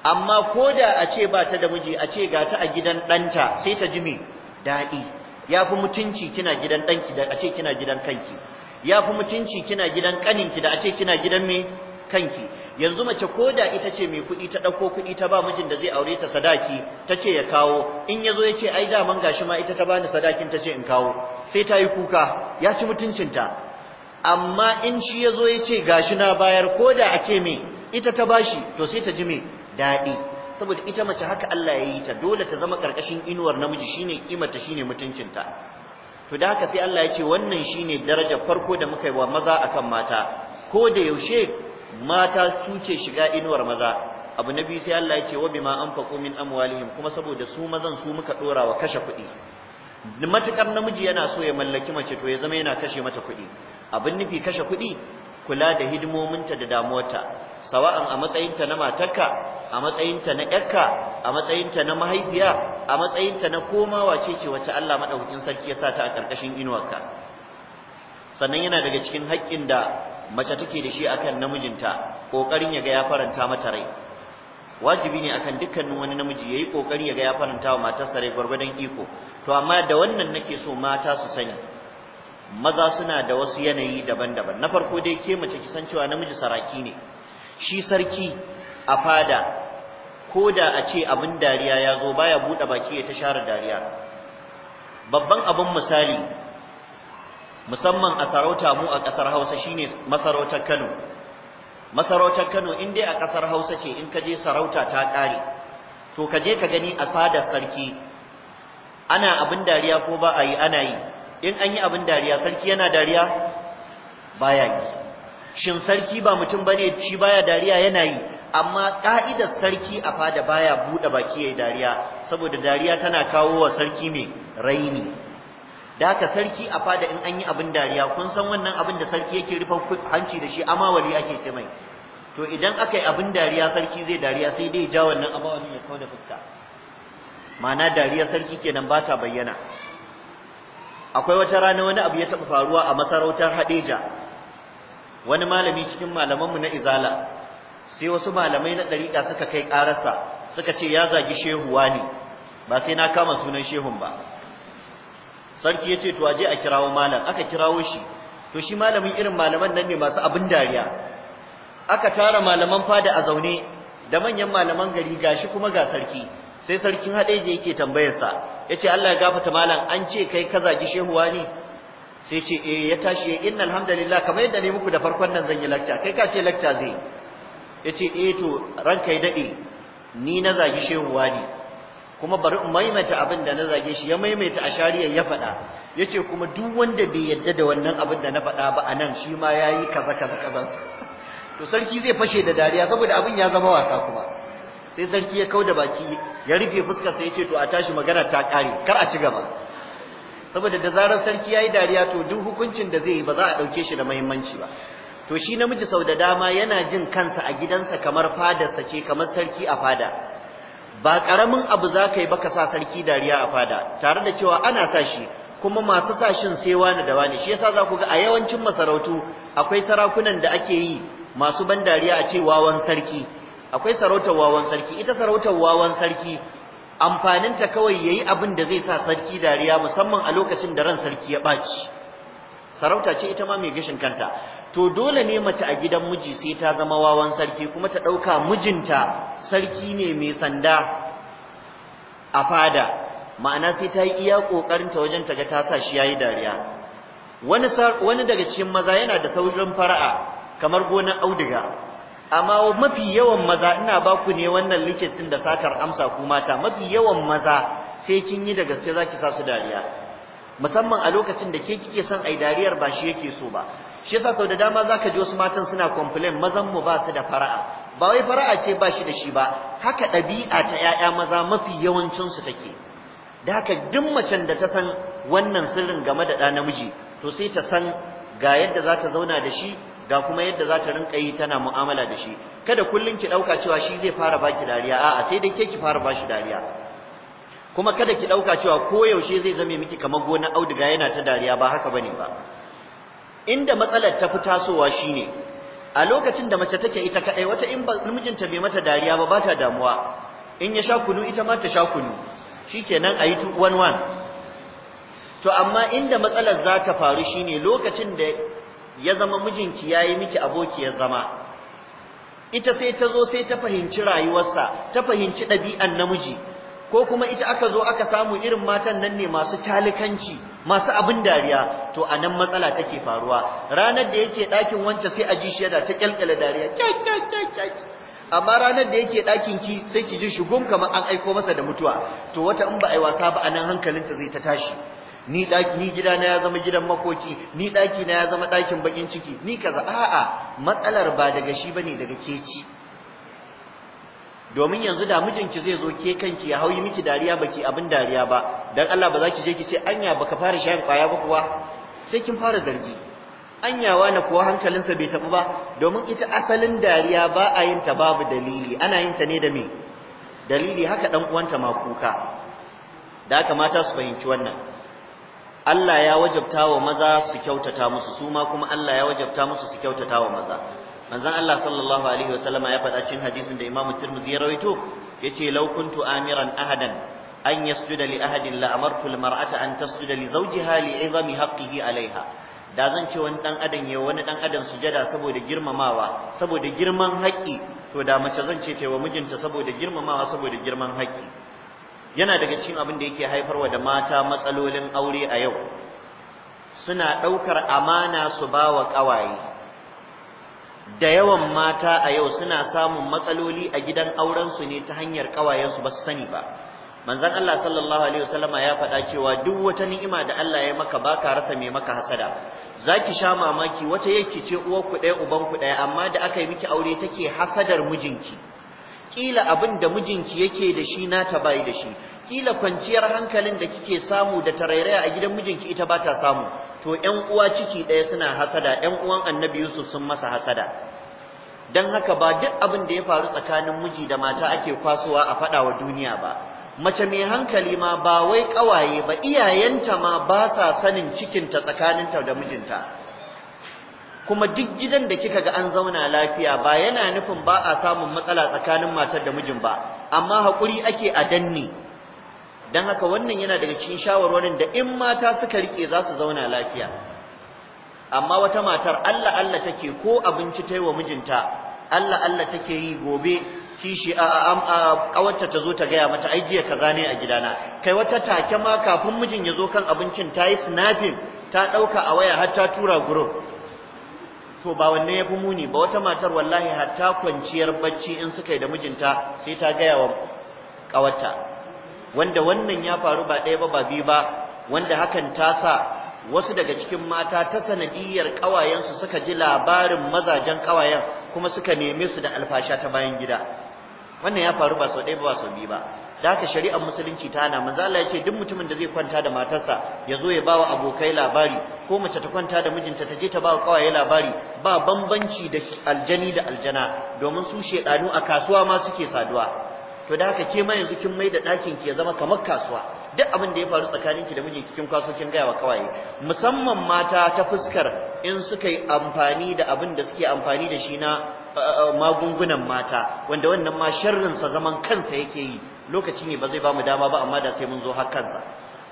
amma ko da a ce ba ta da miji a ce ga ta a gidan ɗanta sai ta ji mai daɗi ya fi mutunci kina gidan ɗanki da a ce kina gidan kanki ya fi mutunci kina gidan kaninki da a ce kina gidan me kanki yanzu mace ko da ita ce mai kuɗi ta ɗauko kuɗi ta ba mijin da zai aure ta sadaki tace ya kawo in yazo yace ya ce ai daman gashi ma ita ta bani sadakin tace in kawo sai ta yi kuka ya ci mutuncinta amma in shi yazo yace gashi na bayar koda a ce me ita ta bashi to sai ta ji me daɗi saboda ita mace haka Allah ya yi ta dole ta zama karkashin inuwar namiji shine kimarta shine mutuncinta to da haka sai Allah ya ce wannan shine daraja farko da muka yi wa maza akan mata ko da yaushe mata su ce shiga inuwar maza abu na biyu sai Allah ya ce wa bima anfaqu min amwalihim kuma saboda su mazan su muka dora wa kashe kuɗi matukar namiji yana so ya mallaki mace to ya zama yana kashe mata kuɗi abin nufi kashe kuɗi kula da hidimominta da damuwarta sawa'an a matsayinta na matarka a matsayinta na ƴarka a matsayinta na mahaifiya a matsayinta na komawa ce ce wacce Allah madaukakin sarki ya sa ta a karkashin inuwarka sannan yana daga cikin haƙƙin da mace take da shi akan namijinta kokarin ya ga ya faranta mata rai wajibi ne akan dukkanin wani namiji yayi kokari ya ga ya faranta wa matarsa rai gurgurdan iko to amma da wannan nake so mata su sani maza suna da wasu yanayi daban-daban na farko dai ke mace ki san cewa namiji saraki ne shi sarki a fada ko da a ce abin dariya ya zo baya buɗe baki ya ta share dariya babban abin misali musamman a sarauta mu a ƙasar Hausa shine masarautar Kano masarautar Kano in dai a ƙasar Hausa ce in ka je sarauta ta ƙare to ka je ka gani a fada sarki ana abin dariya ko ba a yi ana yi in an yi abin dariya sarki yana dariya baya yi shin sarki ba mutum bane shi baya dariya yana yi amma ka'idar sarki a fada baya bude baki yayi dariya saboda dariya tana kawo wa sarki me raini da haka sarki a fada in an yi abin dariya kun san wannan abin da sarki yake rufe hanci da shi amawali ake ce mai to idan aka abin dariya sarki zai dariya sai dai ja wannan amawalin ya kawo da fuska ma'ana dariya sarki kenan ba ta bayyana akwai wata rana wani abu ya taɓa faruwa a masarautar Hadeja wani malami cikin malamanmu na izala sai wasu malamai na ɗariƙa suka kai ƙararsa suka ce ya zagi shehuwa ne ba sai na kama sunan shehun ba sarki ya ce to aje a kirawo malam aka kirawo shi to shi malamin irin malaman nan ne masu abin dariya aka tara malaman fada a zaune da manyan malaman gari gashi kuma ga sarki sai sarkin haɗeje yake tambayarsa yace Allah ya gafata malam an ce kai ka zagi shehuwa ne sai ce eh ya tashi inna alhamdulillah kamar yadda ne muku da farkon nan zan yi lacca kai ka ce lacca zai yace eh to ranka ya dade ni na zagi shehu wani kuma bari in maimaita abin da na zage shi ya maimaita a shari'a ya faɗa yace kuma duk wanda bai yadda da wannan abin da na faɗa ba anan shi ma yayi kaza kaza kaza to sarki zai fashe da dariya saboda abin ya zama wasa kuma sai sarki ya kauda baki ya rufe fuskar sa yace to a tashi magana ta kare kar a ci gaba saboda da zarar sarki ya yi dariya to duk hukuncin da zai yi ba za a ɗauke shi da muhimmanci ba to shi namiji sau da dama yana jin kansa a gidansa kamar fadarsa ce kamar sarki a fada ba karamin abu za ka yi ba ka sa sarki dariya a fada tare da cewa ana sa shi kuma masu sa shin sai wani da wani shi yasa za ku ga a yawancin masarautu akwai sarakunan da ake yi masu ban dariya a ce wawan sarki akwai sarautar wawan sarki ita sarautar wawan sarki amfaninta kawai yayi abin da zai sa sarki dariya musamman a lokacin da ran sarki ya baci sarauta ce ita ma mai gashin kanta to dole ne mace a gidan miji sai ta zama wawan sarki kuma ta dauka mijinta sarki ne mai sanda a fada ma'ana sai ta yi iya kokarin ta wajen ta ta sa shi yayi dariya wani wani daga cikin maza yana da saurin fara'a kamar gonar auduga amma mafi yawan maza ina ba ku ne wannan likit da satar amsa ku mata mafi yawan maza sai kin yi da gaske zaki sa su dariya musamman a lokacin da ke kike son ai dariyar ba shi yake so ba shi yasa sau da dama zaka ji wasu matan suna complain mazan mu ba su da fara'a ba wai fara'a ce ba shi da shi ba haka ɗabi'a ta 'ya'ya maza mafi yawancin su take da haka duk macen da ta san wannan sirrin game da ɗa namiji to sai ta san ga yadda za ta zauna da shi ga kuma yadda za ta rinka yi tana mu'amala da shi kada kullun ki dauka cewa shi zai fara baki dariya a'a sai dai ke ki fara bashi dariya kuma kada ki dauka cewa ko yaushe zai zame miki kamar gonar auduga yana ta dariya ba haka bane ba inda matsalar ta fi tasowa shine a lokacin da mace take ita kadai wata in mijinta bai mata dariya ba ba ta damuwa in ya sha kunu ita ma ta sha kunu shikenan ayi one one to amma inda matsalar za ta faru shine lokacin da ya zama mijinki yayi miki abokiyar zama ita sai ta zo sai ta fahimci rayuwarsa ta fahimci ɗabi'an namiji ko kuma ita aka zo aka samu irin matan nan ne masu talikanci masu abin dariya to a nan matsala take faruwa ranar da yake ɗakin wance sai a ji shi ta kyalkyala dariya amma ranar da yake ɗakin ki sai ki ji shugun kamar an aiko masa da mutuwa to wata in ba a yi wasa ba a nan hankalinta zai ta tashi ni daki ni gida na ya zama gidan makoki ni daki na ya zama dakin bakin ciki ni kaza a'a matsalar ba daga shi bane daga keci domin yanzu da mijinki zai zo ke kanki ya hauyi miki dariya baki abin dariya ba dan Allah ba za ki je ki ce anya baka fara shayin kwaya ba kuwa sai kin fara zargi anyawa na kuwa hankalinsa bai tabu ba domin ita asalin dariya ba a yin ta babu dalili ana yin ta ne da me dalili haka dan uwanta ma kuka da haka mata su fahimci wannan Allah ya wajabta wa maza su kyautata musu su ma kuma Allah ya wajabta musu su kyautata wa maza manzon Allah sallallahu alaihi wasallama ya faɗa cikin hadisin da Imam Tirmidhi ya rawaito yace law kuntu amiran ahadan an yasjuda li ahadin la amartu al mar'ata an tasjuda li zawjiha li 'izami haqqihi 'alayha da zan ce wani dan adam ya wani dan adam sujada saboda girmamawa saboda girman haƙi to da mace zan ce ta wa mijinta saboda girmamawa saboda girman haƙi yana daga cikin abin da yake haifarwa da mata matsalolin aure a yau suna ɗaukar amana su ba wa ƙawaye da yawan mata a yau suna samun matsaloli a gidan aurensu ne ta hanyar ƙawayensu ba su sani ba manzon Allah sallallahu alaihi wasallama ya faɗa cewa duk wata ni'ima da Allah ya maka baka rasa mai maka hasada zaki sha mamaki wata yake ce uwarku ɗaya uban ɗaya amma da aka yi miki aure take hasadar mijinki kila abin da mijinki yake da shi ta bai da shi kila kwanciyar hankalin da kike samu da tarairaya a gidan mijinki ita ba ta samu to ƴan uwa ciki ɗaya suna hasada ƴan uwan annabi Yusuf sun masa hasada dan haka ba duk abin da ya faru tsakanin miji da mata ake kwasuwa a faɗa wa duniya ba mace mai hankali ma ba wai ƙawaye ba iyayenta ma ba sa sanin cikinta tsakaninta da mijinta kuma duk gidan da kika ga an zauna lafiya ba yana nufin ba a samun matsala tsakanin matar da mijin ba amma hakuri ake a danne dan haka wannan yana daga cikin shawarwarin da in mata suka rike za su zauna lafiya amma wata matar Allah Allah take ko abinci ta yi wa mijinta Allah Allah take yi gobe kishi a a kawarta ta zo ta gaya mata ai jiya kaza ne a gidana kai wata take ma kafin mijin ya zo kan abincin ta yi snapping ta dauka a waya har ta tura group to ba wanne ya fi muni ba wata matar wallahi hatta kwanciyar bacci in suka yi da mijinta sai ta gaya wa ƙawarta. wanda wannan ya faru ba ɗaya ba ba biyu ba wanda hakan ta sa wasu daga cikin mata ta sanadiyar ƙawayensu suka ji labarin mazajen ƙawayen, kuma suka neme su da alfasha ta bayan gida wannan ya faru ba sau ɗaya ba ba sau biyu ba da haka shari'ar musulunci ta hana manzo Allah yake duk mutumin da zai kwanta da matarsa ya zo ya bawa abokai labari ko mace ta kwanta da mijinta ta je ta bawa kawaye labari ba bambanci da aljani da aljana domin su shedanu a kasuwa ma suke saduwa to da haka ke ma yanzu kin mai da dakin ki ya zama kamar kasuwa duk abin da ya faru tsakanin ki da mijinki kin kwaso kin gaya wa kawaye musamman mata ta fuskar in suka yi amfani da abin da suke amfani da shi na eh, eh, magungunan mata wanda wannan ma sharrin sa zaman kansa yake yi lokaci ne ba zai ba mu dama ba amma da sai mun zo har kansa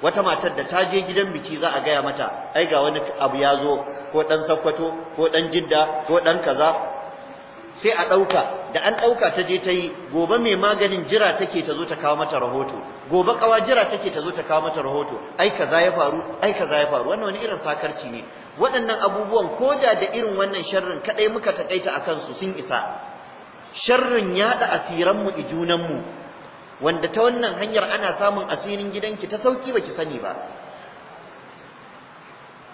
wata matar da ta je gidan biki za a gaya mata ai ga wani abu ya zo ko dan sakkwato ko dan jidda ko dan kaza sai a ɗauka da an ɗauka ta je ta yi gobe mai maganin jira take ta zo ta kawo mata rahoto gobe kawa jira take ta zo ta kawo mata rahoto ai kaza ya faru ai kaza ya faru wannan wani irin sakarci ne waɗannan abubuwan ko da da irin wannan sharrin kadai muka takaita akan su sun isa sharrin yaɗa asiran mu ijunan mu wanda ta wannan hanyar ana samun asirin gidanki ta sauki baki sani ba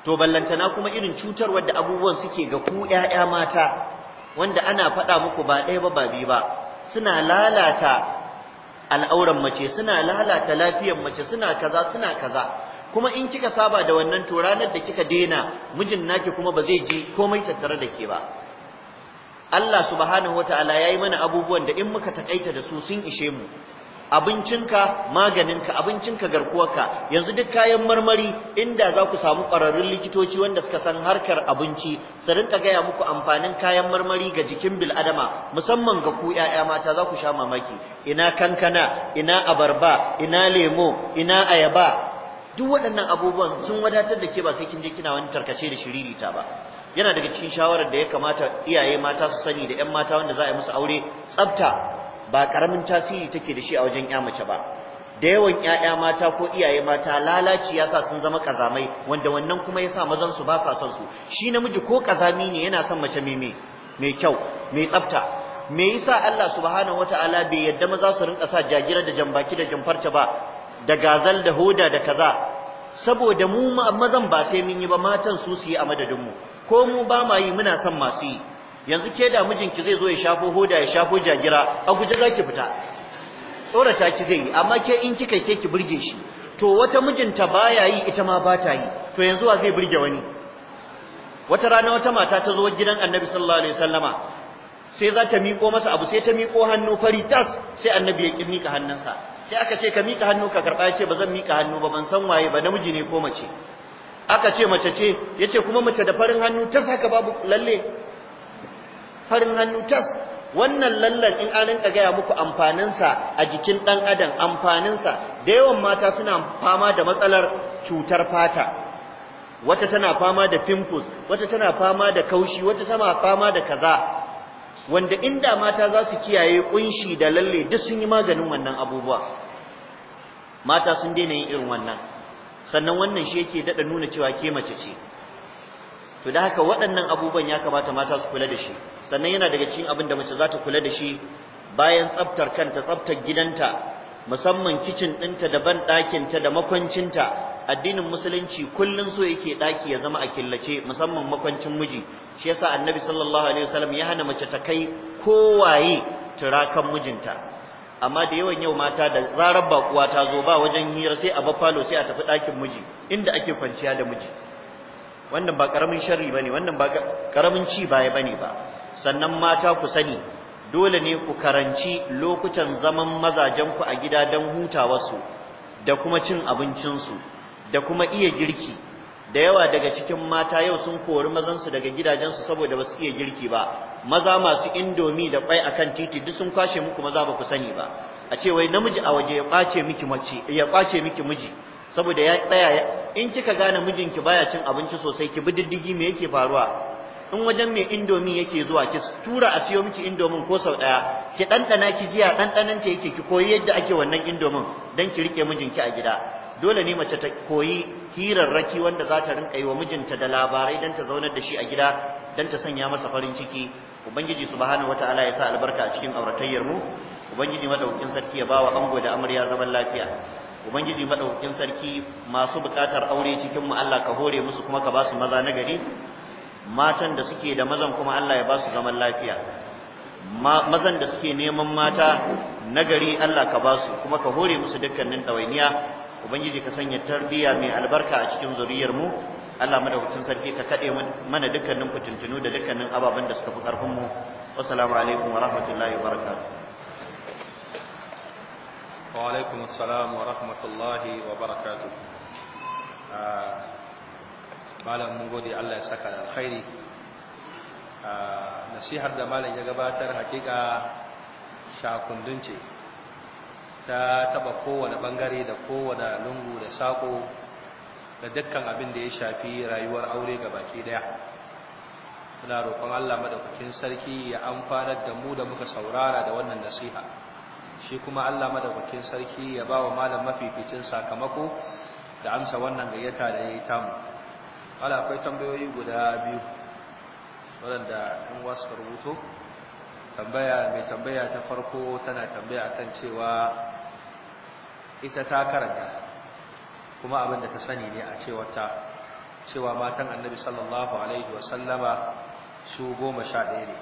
to ballantana kuma irin cutar wadda abubuwan suke ga ku ƴaƴa mata wanda ana faɗa muku ba ɗaya ba ba biyu ba suna lalata al'auran mace suna lalata lafiyar mace suna kaza suna kaza kuma in kika saba da wannan to ranar da kika daina mijin naki kuma ba zai ji komai tattare da ke ba Allah subhanahu wataala yayi mana abubuwan da in muka takaita da su sun ishe mu abincinka maganinka abincinka garkuwarka yanzu duk kayan marmari inda za ku samu ƙwararrun likitoci wanda suka san harkar abinci su rinka gaya muku amfanin kayan marmari ga jikin bil'adama musamman ga ku ƴaƴa mata za ku sha mamaki ina kankana ina abarba ina lemo ina ayaba duk waɗannan abubuwan sun wadatar da ke ba sai kin je kina wani tarkace da shiririta ba yana daga cikin shawarar da ya kamata iyaye mata su sani da 'yan mata wanda za a yi musu aure tsafta ba karamin tasiri take da shi a wajen ƴa mace ba da yawan ƴaƴa mata ko iyaye mata lalaci yasa sun zama kazamai wanda wannan kuma yasa mazan su ba sa son su shi namiji ko kazami ne yana son mace mai mai kyau mai tsafta me yasa Allah subhanahu wataala bai yadda maza su rinka sa jagira da jambaki da jamfarta ba da gazal da hoda da kaza saboda mu mazan ba sai mun yi ba matan su su yi a madadin mu ko mu ba ma yi muna son masu yi yanzu ke da mijinki zai zo ya shafo hoda ya shafo jagira a guje zaki fita tsorata ki zai yi amma ke in kika ke ki burge shi to wata mijinta baya yi ita ma bata yi to yanzu wa zai burge wani wata rana wata mata ta zo gidan Annabi sallallahu alaihi wasallama sai za ta miƙo masa abu sai ta miƙo hannu fari tas sai Annabi ya ki mika hannunsa sai aka ce ka mika hannu ka ce yace zan mika hannu ba ban san waye ba namiji ne ko mace aka ce mace ce yace kuma mace da farin hannu ta saka babu lalle farin hannu tas wannan lallan in an rinka gaya muku amfaninsa a jikin ɗan adam amfaninsa da yawan mata suna fama da matsalar cutar fata wata tana fama da pimples wata tana fama da kaushi wata tana fama da kaza wanda inda mata za su kiyaye kunshi da lalle duk sun yi maganin wannan abubuwa mata sun daina yin irin wannan sannan wannan shi yake daɗa nuna cewa ke mace ce to da haka waɗannan abubuwan ya kamata mata su kula da shi sannan yana daga cikin abin da mace za ta kula da shi bayan tsaftar kanta tsaftar gidanta musamman kicin ɗinta da ban ta da makwancinta addinin musulunci kullun so yake ɗaki ya zama a killace musamman makwancin miji shi yasa annabi sallallahu alaihi wasallam ya hana mace ta kai kowaye turakan mijinta amma da yawan yau mata da zarar bakuwa ta zo ba wajen hira sai a falo sai a tafi ɗakin miji inda ake kwanciya da miji wannan ba karamin sharri bane wannan ba karamin ci baya bane ba sannan mata ku sani dole ne ku karanci lokutan zaman mazajenku a gida don hutawarsu da kuma cin abincinsu da kuma iya girki da yawa daga cikin mata yau sun kori mazansu daga gidajensu saboda ba su iya girki ba maza masu indomi da kwai akan titi duk sun kwashe muku maza ba ku sani ba a ce wai namiji a waje ya kwace miki mace ya kwace miki miji saboda ya tsaya in kika gane mijinki baya cin abinci sosai ki bi diddigi me yake faruwa in wajen mai indomi yake zuwa ki tura a siyo miki indomin ko sau daya ki dandana ki jiya dandanan ta yake ki koyi yadda ake wannan indomin dan ki rike mijinki a gida dole ne mace ta koyi hirarraki wanda za ta rinka yi wa mijinta da labarai dan ta zaunar da shi a gida dan ta sanya masa farin ciki ubangiji subhanahu wataala ya sa albarka a cikin auratayyar mu ubangiji madaukakin sarki ya bawa ango da amarya zaman lafiya ubangiji madaukakin sarki masu bukatar aure cikin mu Allah ka hore musu kuma ka ba su maza na gari matan da suke da mazan kuma Allah ya ba su zaman lafiya mazan da suke neman mata nagari Allah ka ba su kuma ka hore musu dukkanin dawainiya ubangiji ka sanya tarbiyya mai albarka a cikin zuriyar mu Allah madaukakin sarki ka kade mana dukkanin fitintunu da dukkanin ababen da suka fi karfin mu assalamu alaikum wa rahmatullahi wa barakatuh wa alaikum assalam wa rahmatullahi wa barakatuh ah, malam mun gode Allah ya saka da a ah, nasihar da malam ya gabatar hakika shakundun ce ta taba kowane bangare da kowane lungu da sako da dukkan abin da ya shafi rayuwar aure ga baki daya Suna roƙon Allah madaukakin sarki ya amfanar da mu da muka saurara da wannan nasiha shi kuma Allah madaukakin sarki ya ba wa malam mafificin sakamako da amsa wannan gayyata da ya yi tamu wala akwai tambayoyi guda biyu wadanda in wasu rubuto tambaya mai tambaya ta farko tana tambaya kan cewa ita ta karanta kuma abin ta sani ne a cewar ta cewa matan annabi sallallahu alaihi wasallama su goma sha ɗaya ne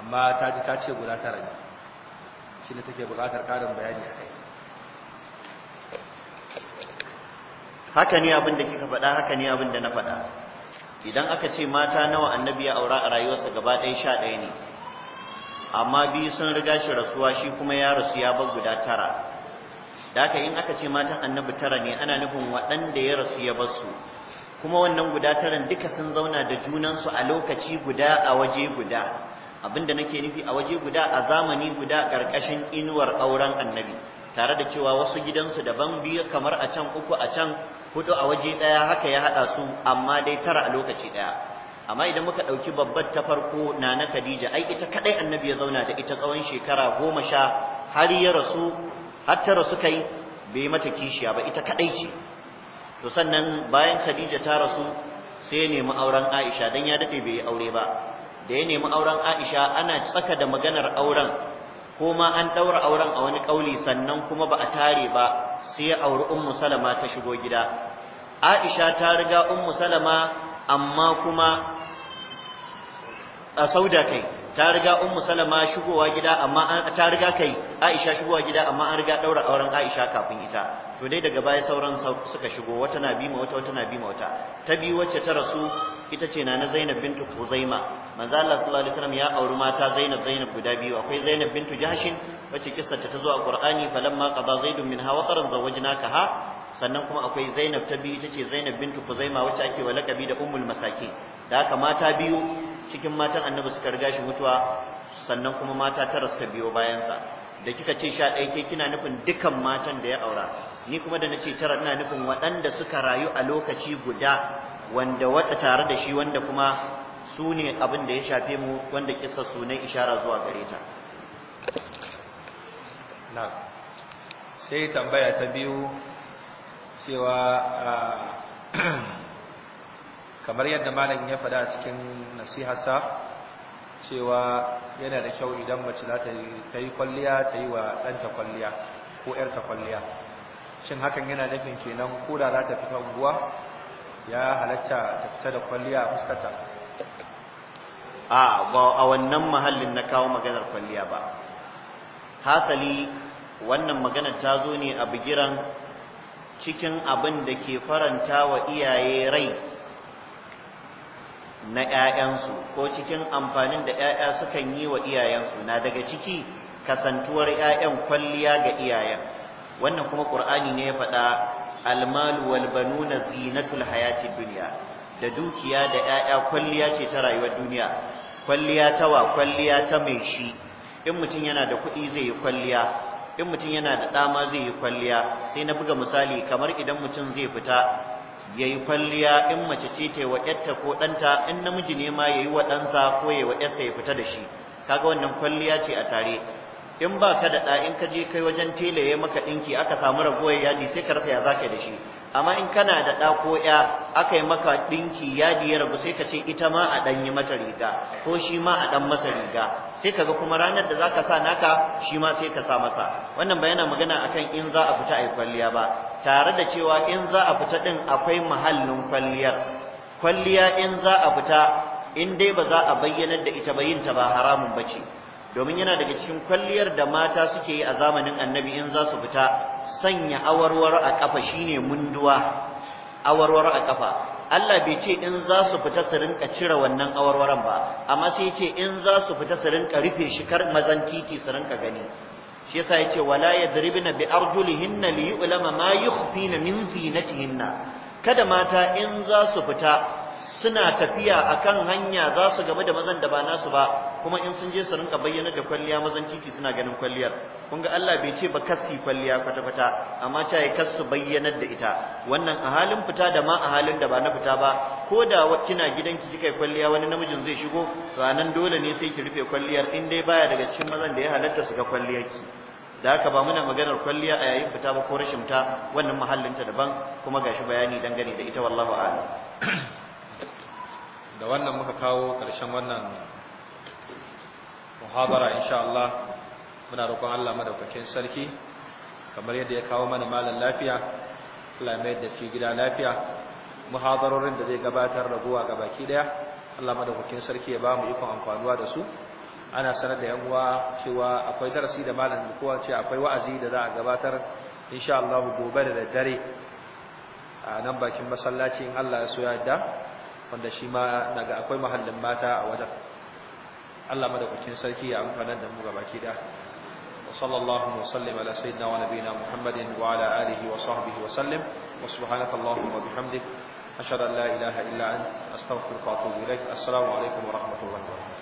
amma ta ji ta ce guda tara ne shi ne take buƙatar ƙarin bayani a kai haka ne abin da kika faɗa haka ne abin da na faɗa idan aka ce mata nawa annabi ya aura a rayuwarsa gaba ɗaya sha ɗaya ne amma biyu sun riga shi rasuwa shi kuma ya rasu ya bar guda tara da haka in aka ce matan annabi tara ne ana nufin waɗanda ya rasu ya bar su kuma wannan guda taran duka sun zauna da junansu a lokaci guda a waje guda abinda nake nufi a waje guda a zamani guda ƙarƙashin inuwar auren annabi tare da cewa wasu gidansu daban biyu kamar a can uku a can hudu a waje ɗaya haka ya haɗa su amma dai tara a lokaci ɗaya. amma idan muka ɗauki babbar ta farko na na Khadija ai ita kadai annabi ya zauna da ita tsawon shekara goma sha har ya rasu har ta rasu kai bai mata kishiya ba ita kadai ce to sannan bayan Khadija ta rasu sai ya nemi auren Aisha dan ya daɗe bai yi aure ba da ya nemi auren Aisha ana tsaka da maganar auren ko ma an daura auren a wani kauli sannan kuma ba a tare ba sai ya auri ummu salama ta shigo gida aisha ta riga ummu salama amma kuma a sauda kai ta riga ummu salama shigowa gida amma an ta riga kai aisha shigowa gida amma an riga daura auren aisha kafin ita to dai daga baya sauran suka shigo wata na bima wata wata na bima wata ta bi wacce ta rasu ita ce na na zainab bintu khuzaima manzo Allah sallallahu alaihi wasallam ya auri mata Zainab Zainab guda biyu akwai Zainab bintu Jahshin wacce kissar ta zo a Qur'ani falamma qada Zaidun minha wataran ha? sannan kuma akwai Zainab ta biyu tace Zainab bintu Kuzaima wacce ake wa lakabi da Ummul Masaki da haka mata biyu cikin matan Annabi suka riga shi mutuwa sannan kuma mata tara suka biyo bayan sa da kika ce sha ɗaya ke kina nufin dukan matan da ya aura ni kuma da nace tara ina nufin waɗanda suka rayu a lokaci guda wanda wata tare da shi wanda kuma su ne abin da ya shafe mu wanda kisa sunan ishara zuwa gare ta na sai tambaya ta biyu cewa ah, kamar yadda malam ya faɗa cikin nasiharsa cewa yana da kyau idan mace za ta yi kwalliya ta yi wa ɗanta kwalliya ko ‘yarta kwalliya shin hakan yana nufin kenan koda za ta fita unguwa ya halatta ta fita da kwalliya a fuskarta a ba a wannan mahallin na kawo maganar kwalliya ba hasali wannan maganar ta zo ne a bigiran cikin abin da ke faranta wa iyaye rai na 'ya'yansu ko cikin amfanin da 'ya'ya sukan yi wa iyayensu na daga ciki kasantuwar 'ya'yan kwalliya ga iyayen wannan kuma ƙur'ani ne ya faɗa almalu wal banuna zinatul hayati duniya. da dukiya da 'ya'ya kwalliya ce ta rayuwar duniya kwalliya ta wa kwalliya ta mai shi in mutum yana da kuɗi zai yi kwalliya in mutum yana da dama zai yi kwalliya sai na buga misali kamar idan mutum zai fita yayi kwalliya in mace ce ta wa ƴarta ko ɗanta in namiji ne ma yayi wa ɗansa ko yayi wa ƴarsa ya fita da shi kaga wannan kwalliya ce a tare in ba ka da ɗa in ka je kai wajen tela ya maka ɗinki aka samu ragowar yadi sai ka rasa ya zaka da shi amma in kana da ɗa ko ya aka yi maka ɗinki ya ya rabu sai ka ce ita ma a ɗan yi mata riga ko shi ma a ɗan masa riga sai ka ga kuma ranar da za ka sa naka shi ma sai ka sa masa wannan ba yana magana akan in za a fita a yi kwalliya ba tare da cewa in za a fita ɗin akwai mahallin kwalliyar kwalliya in za a fita in dai ba za a bayyanar da ita ba yinta ba haramun ba ce domin yana daga cikin kwalliyar da mata suke yi a zamanin annabi in za su fita sanya awarwar a kafa shine munduwa awarwar a kafa Allah bai ce in za su fita su rinka cire wannan awarwaron ba amma sai ce in za su fita su rinka rufe shi kar mazan titi su rinka gani shi yasa yace wala yadribna bi arjulihinna li yu'lama ma yukhfina min zinatihinna kada mata in za su fita suna tafiya akan hanya za su gaba da mazan da ba nasu ba kuma in sun je su rinka bayyana da kwalliya mazan titi suna ganin kwalliyar kun ga Allah bai ce ba kassi kwalliya kwata kwata amma ta yi kassu bayyanar da ita wannan a halin fita da ma a halin da ba na fita ba ko da kina gidanki kika kwalliya wani namijin zai shigo ranan dole ne sai ki rufe kwalliyar in dai baya daga cikin mazan da ya halatta su ga ki. da haka ba muna maganar kwalliya a yayin fita ba ko rashin fita wannan mahallinta daban kuma gashi bayani dangane da ita wallahu a'lam da wannan muka kawo ƙarshen wannan muhabara insha Allah muna roƙon Allah madaukakin sarki kamar yadda ya kawo mana malam lafiya Allah mai da shi gida lafiya muhabarorin da zai gabatar raguwa ga baki daya Allah madaukakin sarki ya ba mu ikon amfanuwa da su ana sanar da yan uwa cewa akwai darasi da malam kowa ce akwai wa'azi da za a gabatar insha Allah gobe da daddare a nan bakin masallaci in Allah ya so ya yarda wanda shi ma daga akwai mahallin mata a wajen Allah madaukakin sarki ya amfana da mu وصلى الله وسلم على سيدنا ونبينا محمد وعلى آله وصحبه وسلم وسبحانك اللهم وبحمدك أشهد أن لا إله إلا أنت أستغفرك وأتوب إليك السلام عليكم ورحمة الله وبركاته